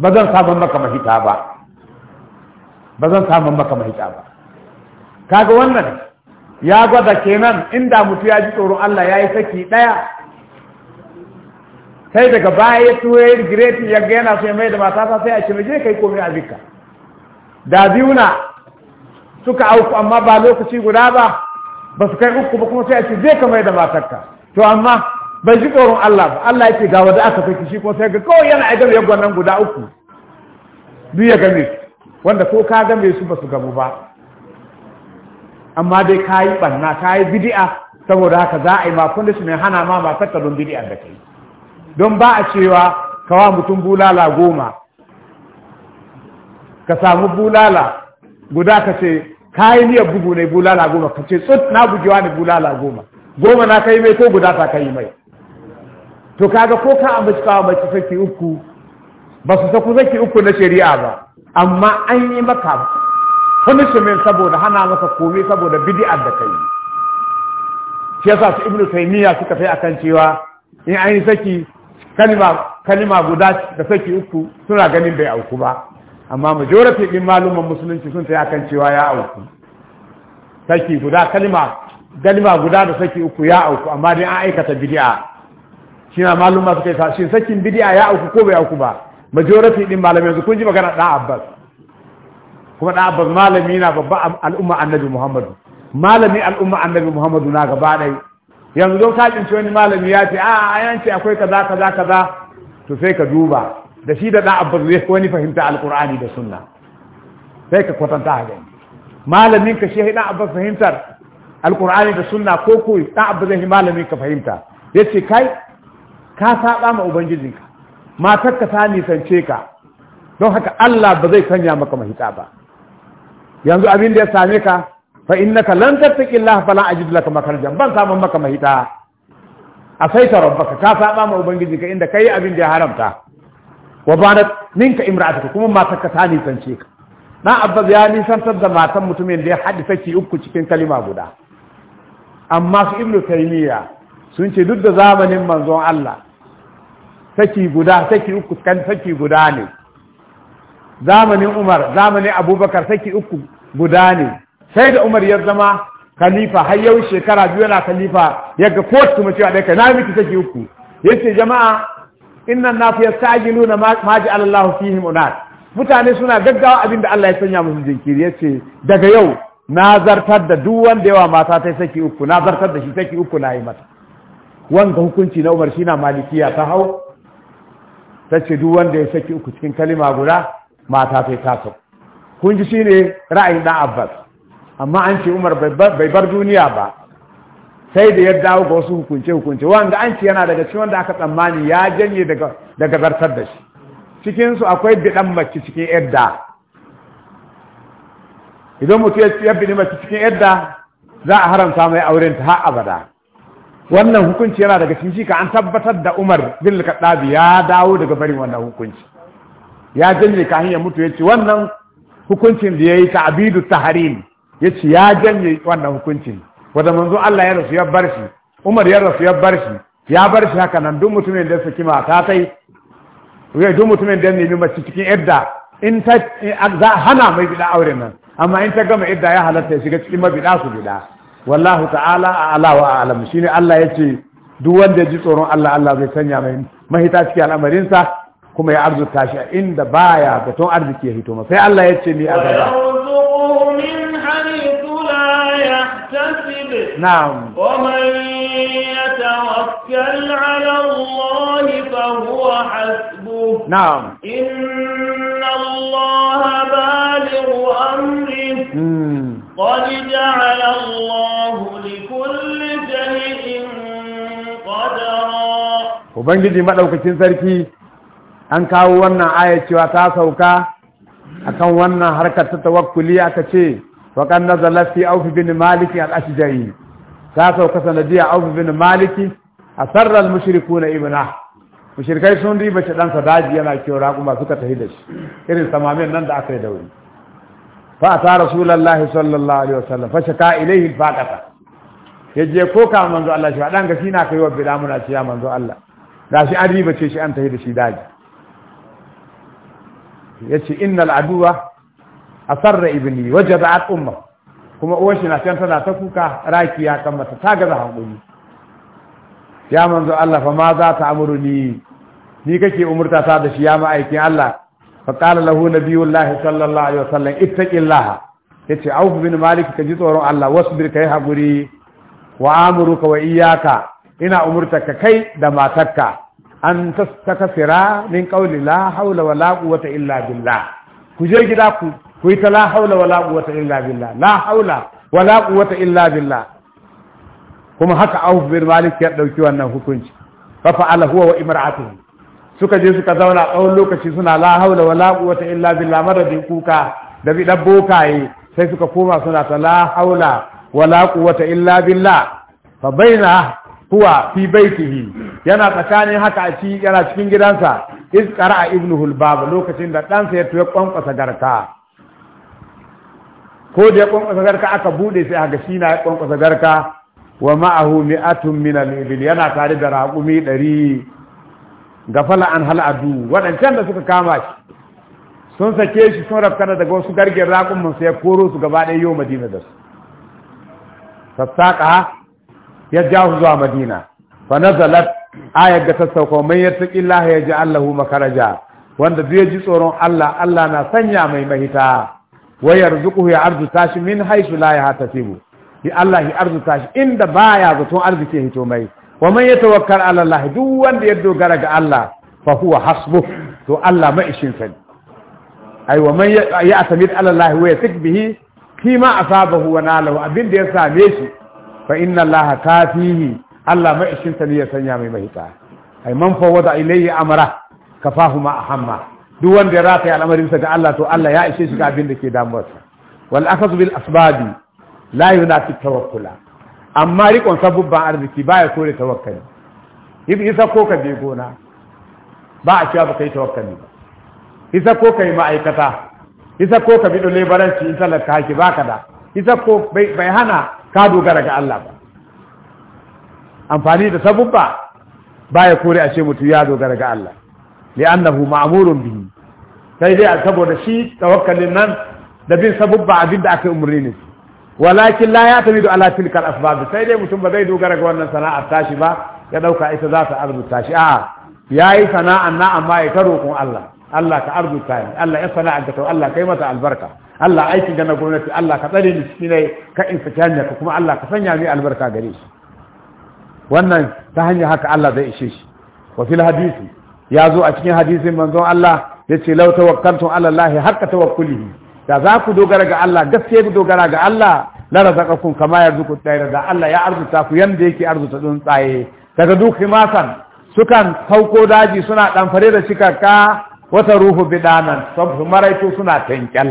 ba zan maka mahita ba ba zan maka mahita ba kaga wannan ya gwada kenan inda mutu ya ji tsoron Allah ya yi saki ɗaya sai daga baya ya tuwe ya gireti ya ga yana so ya mai da matasa sai a ce je kai komai a da biyu na suka auku amma ba lokaci guda ba ba su kai uku ba kuma sai a ce je ka mai da matarka to amma bai ji tsoron Allah ba Allah ya ce ga wanda aka saki shi ko sai ga kawai yana aidan ya gwanan guda uku duk ya wanda ko ka mai su ba su gamu ba amma dai ka yi banna ka yi bid'a saboda haka za a yi ma mai hana ma ba sakka don bid'a da kai don ba a cewa kawa mutum bulala goma ka samu bulala guda ka ce ka yi bugu ne bulala goma ka ce tsut na bugewa ne bulala goma goma na kai mai ko guda ta kai mai to kaga ko ka ambaci kawo mace saki uku ba su saku saki uku na shari'a ba amma an yi maka punishment saboda hana maka komai saboda bid'ar da kai shi yasa su ibnu taymiya suka fi akan cewa in an yi saki kalima kalima guda da saki uku suna ganin bai auku ba amma majority din malaman musulunci sun tayi akan cewa ya auku saki guda kalima kalima guda da saki uku ya auku amma dai an aikata bid'a shi na malum masu kai sa shi sakin bidiya ya auku ko bai auku ba majority din malami yanzu kun ji magana da abbas kuma da abbas malami na babba al'umma annabi muhammadu malami al'umma annabi muhammadu na gaba dai yanzu don ka kinci wani malami ya ce ah, a a yanci akwai kaza kaza kaza to sai ka duba da shi da da abbas zai wani fahimta alqur'ani da sunna sai ka kwatanta haka malamin ka shi da abbas fahimtar alqur'ani da sunna ko ko da abbas zai malamin ka fahimta yace kai ka saba ma ubangijinka matarka ta nisance ka don haka Allah ba zai sanya maka mahita ba yanzu abin da ya same ka fa innaka lan tattaqi Allah fala ajid laka makarjan ban samun maka mahita a sai ta rabbaka ka saba ma ubangijinka inda kai abin da ya haramta wa banat minka imra'atuka kuma matarka ta nisance ka na abba ya nisantar da matan mutumin da ya haɗi saki uku cikin kalima guda amma su ibnu taymiya sun ce duk da zamanin manzon Allah saki guda saki uku saki guda ne zamanin umar zamanin abubakar saki uku guda ne sai da umar ya zama khalifa har yau shekara biyu yana khalifa ga kotu kuma cewa dai na miki saki uku yace jama'a innan nasu yastajiluna nuna ja'ala Allah fihim unat mutane suna gaggawa abinda Allah ya sanya musu jinkiri yace daga yau na zartar da duk wanda yawa mata ta saki uku na zartar da shi saki uku na yi mata wanga hukunci na Umar shi na malikiya ta hau ta ce duk wanda ya saki uku cikin kalima guda mata sai ta so kun ji shine ra'ayin dan abbas amma an ce umar bai bar duniya ba sai da ya dawo ga wasu hukunce hukunce wanda an ce yana daga cikin wanda aka tsammani ya janye daga zartar da shi cikin akwai bidan mace cikin yadda idan mutum ya bidan mace cikin yadda za a haramta mai auren ta har abada wannan hukunci yana daga cikin ka an tabbatar da Umar bin al ya dawo daga barin wannan hukunci ya janye ka hanya mutu yace wannan hukuncin da yayi ta abidu tahrim yace ya janye wannan hukuncin wanda manzo Allah ya rasu ya bar shi Umar ya rasu ya bar shi ya bar shi haka nan duk mutumin da saki ta kai ya duk mutumin da nemi mace cikin idda in ta hana mai bida auren nan amma in ta gama idda ya halatta ya shiga cikin mabida su bida wallahu ta'ala a ala wa alam ne Allah yace duk wanda ji tsoron Allah Allah zai sanya mai mahita cikin al'amarinsa kuma ya arzuta shi inda baya baton arziki ya hito sai Allah ya ce ni a gaba na'am ومن Allah على huwa فهو inna allah قد جعل الله لكل شيء قدرا وبنجي مدوكين سركي an kawo wannan aya cewa ta sauka akan wannan harkar ta tawakkuli aka ce wa kan nazala fi auf bin maliki al-ashja'i ta sauka sanadiya auf bin a asarra al-mushrikuna ibna mushrikai sun riba shi dan sadaji yana cewa raƙuma suka tahi da shi irin samamin nan da aka yi da wuri fata rasulullahi sallallahu alaihi wasallam Fashe ka ilaihi faqata yaje ko ka manzo Allah shi dan gashi na kai wa bida muna ce ya manzo Allah gashi an riba ce shi an tahi da shi daji yace innal aduwa asarra ibni wajada'at umma kuma uwar shi na can tana ta kuka rakiya kan mata ta gaza hankali. ya manzo Allah fa ma za ta amuru ni ni kake umurta ta da shi ya ma'aikin Allah fa qala lahu nabiyullahi sallallahu alaihi wasallam ittaqillaha yace auf bin malik ka ji tsoron Allah wasu kai haguri wa amuruka wa iyyaka ina umurtaka kai da matarka an tastakfira min qawli la hawla wala quwwata illa billah ku je gida ku ku yi la hawla wala quwwata illa billah la hawla wala quwwata illa billah kuma haka auf bin malik ya ɗauki wannan hukunci fa suka je suka zauna tsawon lokaci suna la haula wala quwwata illa billah bi kuka da bi dabbo kai sai suka koma suna ta la haula wala quwwata illa billah fa baina huwa fi baitihi yana tsakanin haka a ci yana cikin gidansa iz qara'a ibnu hulbab lokacin da ɗansa ya tuya kwankwasa garka ko da ya kwankwasa garka aka bude sai aka shi na ya kwankwasa garka wa ma'ahu mi'atun min al-ibil yana tare da raƙumi ɗari gafala an hal'adu waɗancan da suka kama shi sun sake shi sun rafkana daga wasu gargin raƙun sai ya koro su gaba ɗaya yau madina da su sassaƙa ya ja zuwa madina fa nazalat ayar da sassauka man yattaqillah ya ji Allahu makaraja wanda zai ji tsoron Allah Allah na sanya mai mahita wa yarzuquhu ya arzu tashi min haythu la yahtasibu ya Allah ya arzu shi inda baya zaton arziki hito mai wa man yatawakkal ala Allah duk wanda ya dogara ga Allah fa huwa hasbuh to Allah ma ishin sani ai wa man ya'tamid ala Allah wa yasik bihi kima asabahu wa nalahu abin da ya same shi fa inna Allah kafihi Allah ma ishin sani ya sanya mai mahita ai man fawada ilayhi amra kafahu ma ahamma duk wanda ya rata al'amarin sa ga Allah to Allah ya ishe shi ga abin da ke damuwarsa wal akhadhu bil asbabi la yunafi tawakkula amma rikon sabubban arziki baya kore tawakkali isa ko ka bi gona ba a cewa baka yi tawakkali ba isa ko ka yi ma'aikata isa ko ka bido lebaranci in ka haki baka da isa ko bai hana ka dogara ga Allah ba amfani da sabubba baya kore a ce mutum ya dogara ga Allah annahu ma'murun bihi sai dai saboda shi tawakkalin nan da bin sabubba abinda aka umurni ne walakin la ya tamidu ala tilkal asbab sai dai mutum ba zai dogara ga wannan sana'ar tashi ba ya ɗauka ita za ta arzuta shi a'a yayi sana'an na amma ya karo kun Allah Allah ka arzuta ni Allah ya sana'an Allah kai mata albarka Allah aikin da na gwamnati Allah ka tsare ni shi ne ka in saki ka kuma Allah ka sanya ni albarka gare shi wannan ta hanyar haka Allah zai ishe shi wa fil hadisi ya zo a cikin hadisin manzon Allah yace lau tawakkaltu ala Allah haqqa tawakkulihi da za ku dogara ga Allah gaskiya ku dogara ga Allah na razaka kun kama yarzuqu tsaye da Allah ya arzuta ku yanda yake arzuta tsaye daga duk himasan sukan sauko daji suna fare da cikakka wata ruhu bidanan sab suna tankyal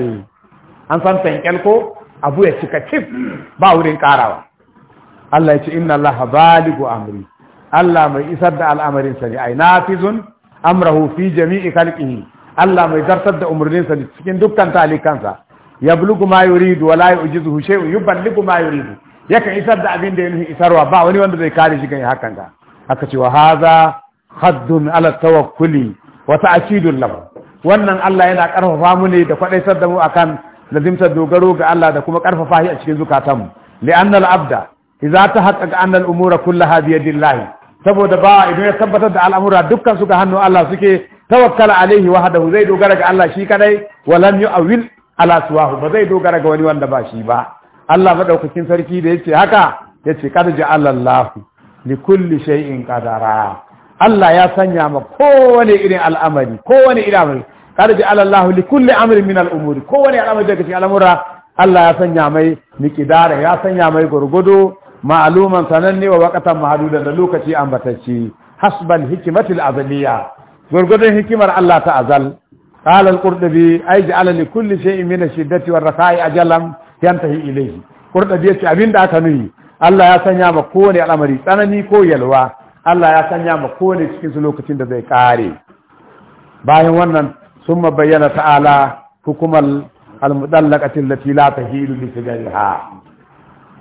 an san tankyal ko abu ya cika cif ba wurin karawa Allah ya ce inna Allah baligu amri Allah mai isar da al'amarin sa ne ai nafizun amrahu fi jami'i khalqihi Allah mai zartar da umarninsa cikin dukkan talikansa ya bulugu ma yuridu wala yujizuhu shay'un yuballigu ma yuridu yakan isar da abin da ya nufi isarwa ba wani wanda zai kare shi kan hakan da aka ce wa hadha haddun ala tawakkuli wa ta'kidun lahu wannan Allah yana karfafa mu ne da sar da mu akan lazimtar dogaro ga Allah da kuma karfafa shi a cikin zukatanmu li'anna al-abda idza tahaqqaqa anna al-umura kullaha bi yadillahi saboda ba idan ya tabbatar da al'amura dukkan su ga hannu Allah suke tawakkala alaihi wahdahu zai dogara ga Allah shi kadai wa lam yu'awil ala suwahu ba zai dogara ga wani wanda ba shi ba Allah madaukakin sarki da yace haka yace kad ja'ala Allah li kulli shay'in qadara Allah ya sanya ma kowane irin al'amari kowane irin al'amari kada ji Allah li kulli amrin min al'umuri kowane al'amari daga kace al'amura Allah ya sanya mai miqdara ya sanya mai gurgudu ma'aluman sananne wa waqatan mahdudan da lokaci ambatacci hasban hikmatil azliya gurgudun hikimar Allah ta azal qala al-qurdubi kulle ja'ala li kulli shay'in min ash-shiddati war-rakha'i ajalan yantahi ilayhi qurdubi yace abinda aka nuni Allah ya sanya ma kowane al'amari tsanani ko yalwa Allah ya sanya ma kowane cikin su lokacin da zai kare bayan wannan sun bayyana ta'ala hukumar al-mudallaqati allati la tahilu li sigariha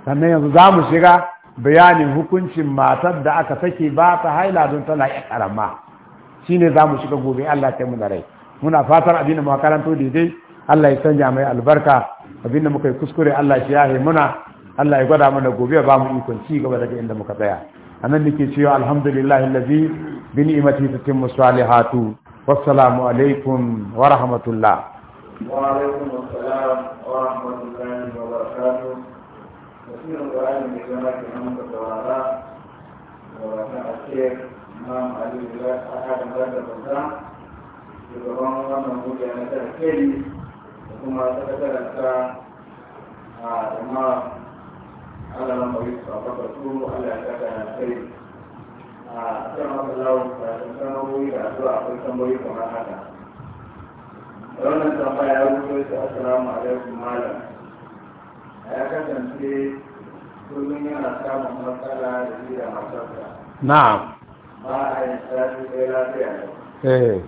sannan yanzu za mu shiga bayanin hukuncin matar da aka sake ba ta haila don tana ƙarama. karama shine za mu shiga gobe Allah ta mu da rai muna fatar abin da makaranto daidai Allah ya sanya mai albarka abin da muka yi kuskure Allah shi yahe muna Allah ya gwada mana gobe ba mu ikon ci gaba daga inda muka tsaya anan nake cewa alhamdulillahi allazi bi ni'mati tatimmu salihatu wassalamu alaikum wa rahmatullah wa alaikum wa rahmatullahi wa barakatuh imam ali ya haɗa mara da banza shugaban wannan kungiya na tarkeli da kuma sakatararsa a imam alaman bari su a su allah ya kada na sai a kan masallawu karatun sanarwoyi da a kai tambayi kamar haka wannan tambaya ya rubuto ta assalamu alaikum malam ya kasance kullum yana samun matsala da shi da matarsa na'am ba a yi sati sai lafiya ne eh.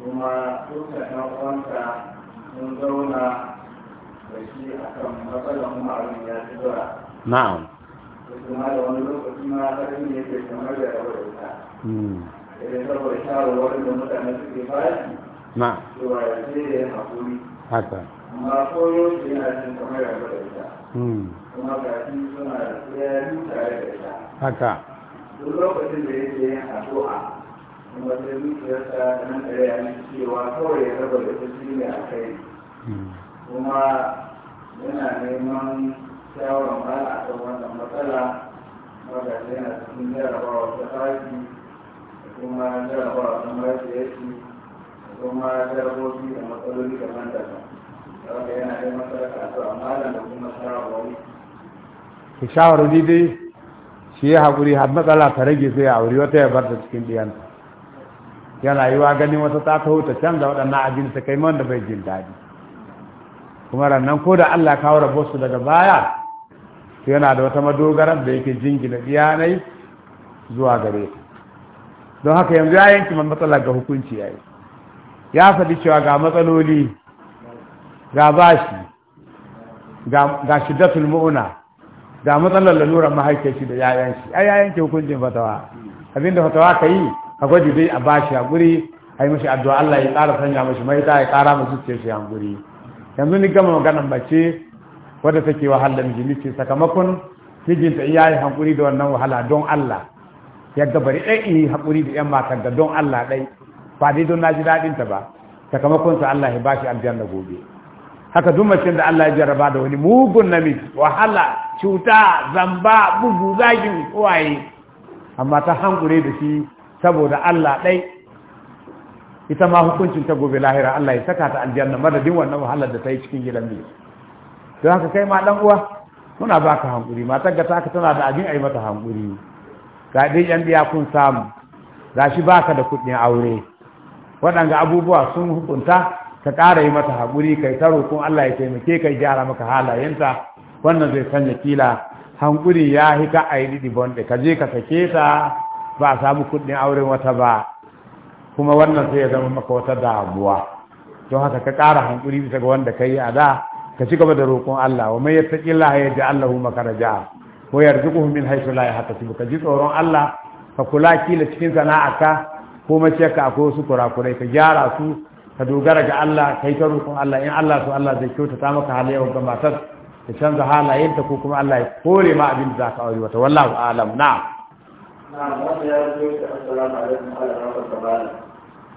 kuma duka ɗan uwanka sun zauna da shi a kan matsalar kuma abin ya ci zura na'am kuma da wani lokaci ma ƙarfi ne ke kamar da yawar da ita idan hmm. eh, saboda shawarwarin da mutane suke bashi na'am cewa ya ce ya yi haƙuri haka amma koyo shi yana cin kamar da yawar da ita hmm. kuma ga shi suna da tsayayyu tare da ita haka duk lokacin da yake yin addu'a kuma sai zuciyarsa nan ɗaya ya cewa kawai ya raba da ta shi a kai hmm. kuma yana neman shawarar ba a kan wannan matsala wadda yana cikin jarabawa ta fashi da kuma jarabawa ta marasiyarci da kuma jarabobi da matsaloli daban-daban saboda yana neman sarka a to amma da kuma shawarwari. shawarar dai shi ya haƙuri har matsala ta rage sai a wuri wata ya bar ta cikin ɗiyanta yana yi wa ganin wata ta taho ta canza waɗannan abin ta kai wanda bai jin daɗi kuma rannan ko da Allah kawo rabo su daga baya to yana da wata madogarar da yake jingina ɗiyanai zuwa gare ta don haka yanzu ya yanki ma matsala ga hukunci ya yi ya faɗi cewa ga matsaloli ga bashi ga shiddatul mu'una da matsalar lalurar mahaifiyar shi da yayan shi a yayan ke hukuncin fatawa abinda fatawa ka yi a gwaji dai a bashi a guri a yi mashi addu'a Allah ya ƙara sanya mashi maita ya ƙara masu ce shi a guri yanzu ni gama maganan mace wadda take wahala miji ni ce sakamakon mijinta iya yi hankuri da wannan wahala don Allah ya gabari ɗan in yi hankuri da ‘yan matar da don Allah ɗai ba dai don na ji daɗinta ba sakamakonsa Allah ya bashi aljanna gobe haka duk mace da Allah ya jarraba da wani mugun namiji wahala cuta zamba bugu zagin waye amma ta hankure da shi saboda Allah ɗai ita ma hukuncin ta gobe lahira Allah ya saka ta aljanna madadin wannan wahalar da ta yi cikin gidan ne don haka kai ma dan uwa muna baka hankuri matar ga taka tana da abin ai mata hankuri ga dai yan biya kun samu gashi baka da kuɗin aure waɗanga abubuwa sun hukunta ka ƙara yi mata haƙuri kai ta roƙon Allah ya taimake ka gyara maka halayenta wannan zai sanya kila hankuri ya hika ka a yi ɗiɗi ka je ka sake ta ba a samu kuɗin auren wata ba kuma wannan sai ya zama maka wata damuwa don haka ka ƙara hankuri bisa ga wanda ka yi a da ka ci gaba da roƙon Allah wa mai ya taƙi Allah ya ji Allah hu maka raja ko ya rizuku min haisu la ya haka ka ji tsoron Allah ka kula kila cikin ka ko maciyarka akwai wasu kurakurai ka gyara su ka dogara ga Allah kai ta roƙon Allah in Allah so Allah zai kyautata maka halayen ga matar ta canza halayenta ko kuma Allah ya kore ma abin da za ka aure wata wallahu alam na na'am wanda ya zo da assalamu alaikum wa rahmatullahi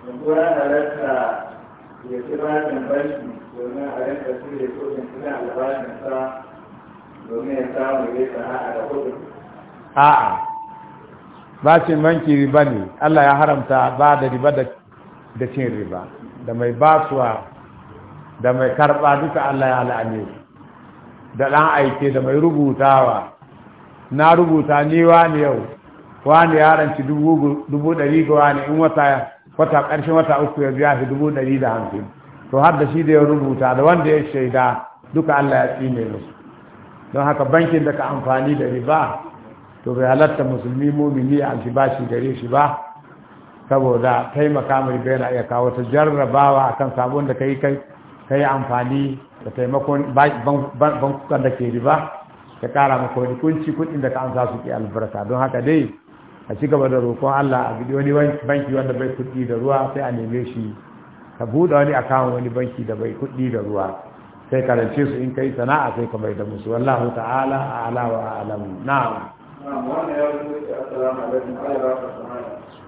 yanzu ya halatta ya ci bashin banki domin a rinka cire kudin cikin albashinsa domin ya samu ya sana'a da kudin a'a bashin banki riba ne Allah ya haramta ba da riba da da cin riba da mai basuwa da mai karba duka Allah ya la'ane da ɗan aike da mai rubutawa na rubuta ni wani yau wani yaranci dubu ɗari ga wani in wata wata ƙarshen wata uku ya biya shi dubu ɗari da hamsin to har da shi da ya rubuta da wanda ya shaida duka Allah ya tsine musu don haka bankin da ka amfani da riba to bai halatta musulmi mumini a bashi gare shi ba saboda taimaka mai yana iya kawo ta jarrabawa kan sabon da kai kai kai amfani da taimakon bankukan da ke riba ta kara maka wani kunci kudin da ka ansa su ke albarka don haka dai a ci gaba da roƙon Allah a gidi wani banki wanda bai kudi da ruwa sai a neme shi ka buɗe wani a kawo wani banki da bai kudi da ruwa sai ka rance su in kai sana'a sai ka mai da musu wallahu ta'ala a wa a'lamu na'am wannan ya rubuta assalamu alaikum ala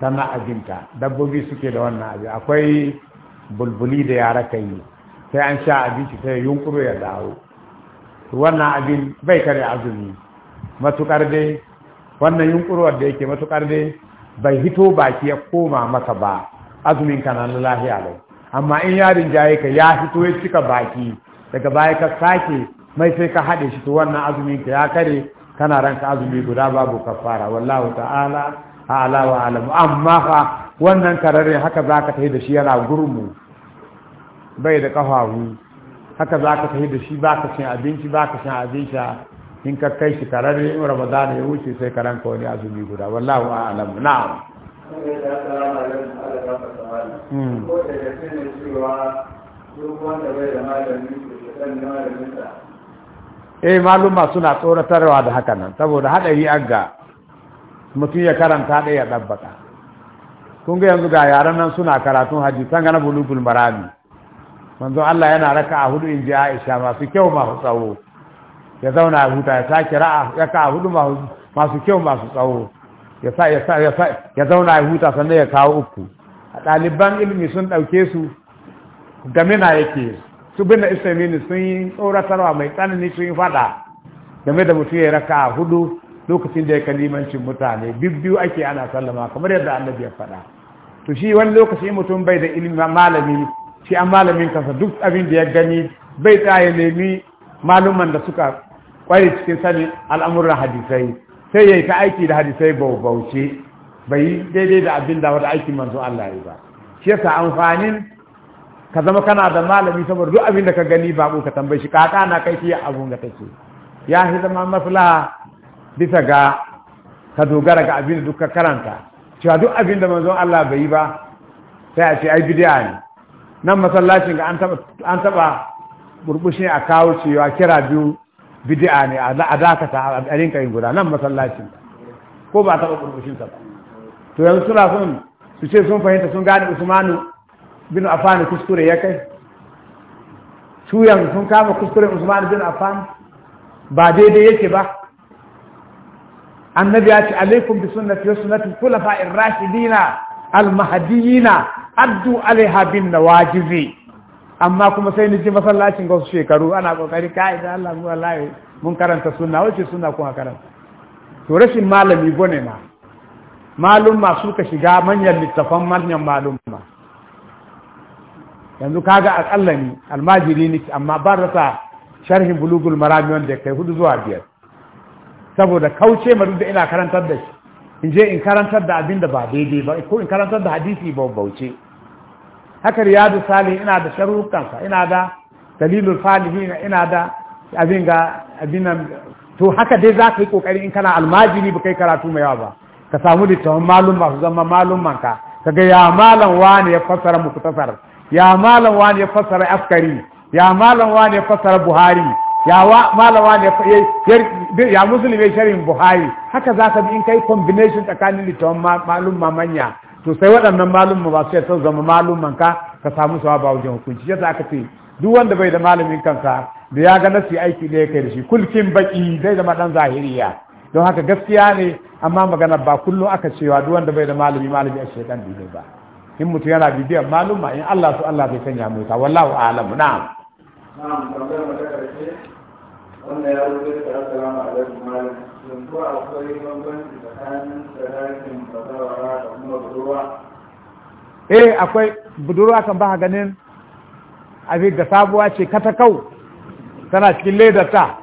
tana abinta dabbobi suke da wannan abin akwai bulbuli da yara ka yi sai an sha abinci sai yunkuro ya dawo wannan abin bai kare azumi matukar dai wannan yunkuro da yake matukar dai bai hito baki ya koma maka ba azumin kana na lahiya lau amma in yarin jaye ka ya hito ya cika baki daga baya ka sake mai sai ka haɗe shi to wannan azumin ka ya kare kana ranka azumi guda babu kafara wallahu ta'ala A alawa alamu amma fa wannan kararren haka za ka tafi da shi yana gurmu bai da ƙafafu haka za ka tafi da shi ba ka cin abinci ba ka cin abinci in ka kai shi kararre in ramadan ya wuce sai ka ka wani azumi guda wallahu a'lam na'am ko da ya sani cewa duk wanda bai da da eh maluma suna tsoratarwa da haka nan saboda haɗari an ga mutum ya karanta ɗaya ya ɗabbaka kun ga yanzu ga yaran nan suna karatun hajji ta gana bulugul marami manzo Allah yana raka a hudu in ji Aisha masu kyau masu tsawo ya zauna a huta ya sake ra'a ya ka hudu masu kyau masu tsawo ya sa ya sa ya zauna a huta sannan ya kawo uku a ɗaliban ilimi sun ɗauke su gamina yake su bin da islamini sun yi tsoratarwa mai tsanani sun yi faɗa game da mutum ya raka a hudu lokacin da ya kalimancin mutane biyu ake ana sallama kamar yadda annabi ya faɗa to shi wani lokaci mutum bai da ilimin malami shi an malamin kansa duk abin da ya gani bai ta ya nemi maluman da suka kware cikin sani al'amuran hadisai sai ya yi ta aiki da hadisai bauce bai yi daidai da abin da wata aiki manzo Allah ya ba shi yasa amfanin ka zama kana da malami saboda duk abin da ka gani ba ka tambayi shi ka na kai shi abun da take ya fi zama maslaha bisa ga ka dogara ga abin da duka karanta cewa duk abin da manzon Allah bai yi ba sai a ce ai bid'a ne nan masallacin ga an taba burbushi a kawo cewa kira biyu bid'a ne a dakata a rinka yin guda nan masallacin ko ba taba burbushin ta ba to yanzu suna sun su ce sun fahimta sun gane Usmanu bin Affan kuskure ya kai su yanzu sun kama kuskuren Usmanu bin Affan ba daidai yake ba annabi ya ce alaikum bi sunnati wa sunnati khulafa'ir rashidina al-mahdiyina addu alaiha bin nawajizi amma kuma sai ni ji masallacin ga shekaru ana kokari kai da Allah mu wallahi mun karanta sunna wace sunna kuma karanta to rashin malami gone na malum ma suka shiga manyan littafan manyan malum ma yanzu kaga akalla ni almajiri niki amma ba rasa sharhin bulugul marami wanda kai hudu zuwa biyar saboda kauce ma duk da ina karantar da shi in je in karantar da abin da ba daidai ba ko in karantar da hadisi ba bauce haka riyadu salihin ina da sa ina da dalilul falihin ina da abin ga abin to haka dai za ka yi kokari in kana almajiri ba kai karatu mai yawa ba ka samu littafin malum masu zama malum manka Ka ga ya malam wani ya fassara muku tasar ya malam wani ya fassara askari ya malam wani ya fassara buhari yawa malama ne ya musulmi sharhin buhari haka za ka bi in kai combination tsakanin malum malumma manya to sai waɗannan malumma ba su son zama malumman ka ka samu sawa ba wajen hukunci yadda aka ce duk wanda bai da malumin kansa da ya ga nasi aiki da ya kai da shi kulkin baki zai zama dan zahiriya don haka gaskiya ne amma magana ba kullum aka cewa duk wanda bai da malumi malumi a shekan dole ba in mutum yana bibiyar malumma in Allah su Allah bai sanya mai ka wallahu a'lam na'am na'am Wannan ya rufe da assalamu alaikum malam yanzu akwai bambanci tsakanin sadakin bazawara da kuma budurwa eh akwai budurwa kan ba ganin abin da sabuwa ce kata katakau tana cikin ledar ta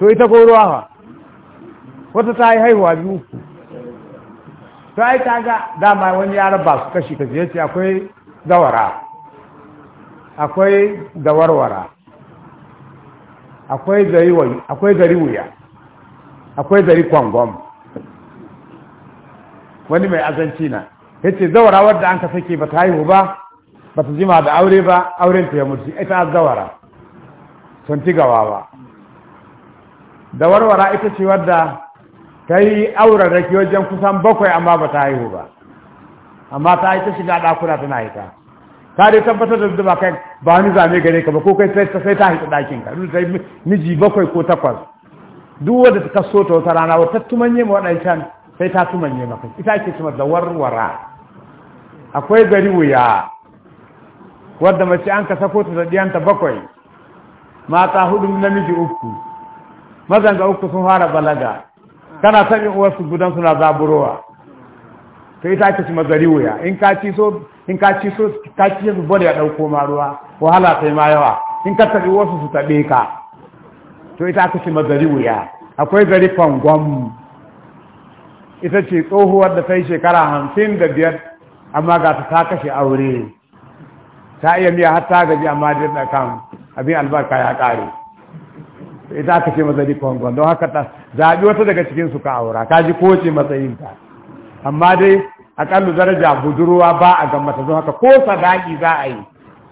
to ita ko ruwa wata ta yi haihuwa biyu to ai ta ga dama wani ya raba su kashi kashi ya ce akwai gawara akwai gawarwara akwai zari akwai wuya akwai zari kwangwam wani mai azanci na yace zawara wadda an ka sake ba ta haihu ba ba ta jima da aure ba auren ta ya mutu ita a zawara sun ti gawa ba da warwara ita ce wadda ta yi auren rake wajen kusan bakwai amma ba ta haihu ba amma ta yi ta shiga ɗakuna tana haita ka dai tabbatar da ba kai ba wani zane gare ka ba ko kai sai ta hita ɗakin ka sai miji bakwai ko takwas duk wanda ta kaso ta wata rana wata tumanye ma can sai ta tumanye maka ita ake cimar da warwara akwai gari wuya wadda mace an kasa ko ta da bakwai mata hudu namiji uku mazan uku sun fara balaga kana sanin uwarsu gudan suna zaburowa ta ita ake cimar gari wuya in ka ci so in ka ci so ka ci su bari a ɗauko ma ruwa wahala sai ma yawa in ka taɓi wasu su taɓe ka to ita aka ce mazari wuya akwai gari fangon ita ce tsohuwar da ta yi shekara hamsin da biyar amma ga ta ta kashe aure ta iya miya har ta gaji amma da yadda kan abin albarka ya ƙare ita aka ce mazari fangon don haka ta zaɓi wata daga cikinsu ka aura ka ji kowace matsayinta amma dai aƙallu daraja budurwa ba a ga mata don haka ko sadaki za a yi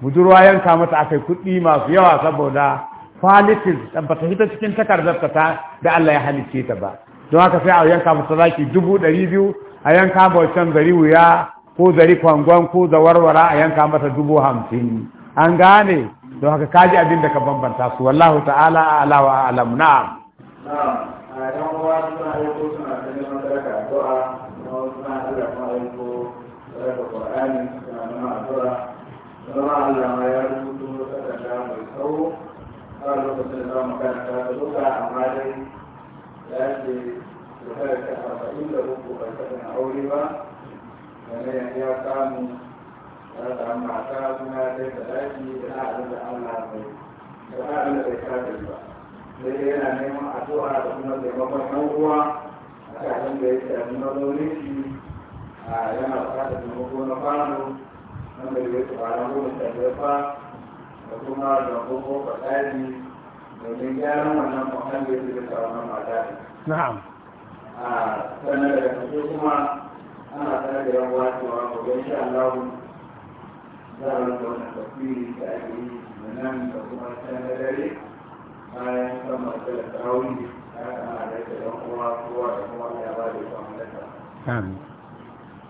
budurwa yanka mata akai kuɗi masu yawa saboda qualities ba ta hita cikin takardar ta da Allah ya halice ta ba don haka sai a yanka mata zaki dubu ɗari biyu a yanka ma zari wuya ko zari kwangon ko zawarwara a yanka mata dubu hamsin an gane don haka kaji abin da ka bambanta su wallahu ta'ala ala wa alam na'am a suna yi ko suna ganin addu'a aiko daga ƙwarani suna nuna addu'a zama Allah ma ya rubuto takarda mai tsawo a lokacin za mu karanta ta duka amma dai ya ce shekarar ta arba'in da uku bai taɓa na aure ba game ya samu ya samu mata suna dai da daji da abin da Allah bai da abin da bai kada ba sai yana neman addu'a da kuma taimakon ɗan uwa a kan da ya sami mazaunin shi yana bukatar taimako na kwano wanda ya wuce kwana goma sha da kuma zango ko fasari domin gyaran wannan kwan da ya wuce wannan mata ne. Na'am. Sannan daga kashe kuma ana sanar da yan uwa cewa gobe insha Allah za a rinka wannan tafiya da ake yi da nan da kuma can da dare bayan kan masu da ya da yan uwa kowa da kuma ya ba da ita mallaka. Amin.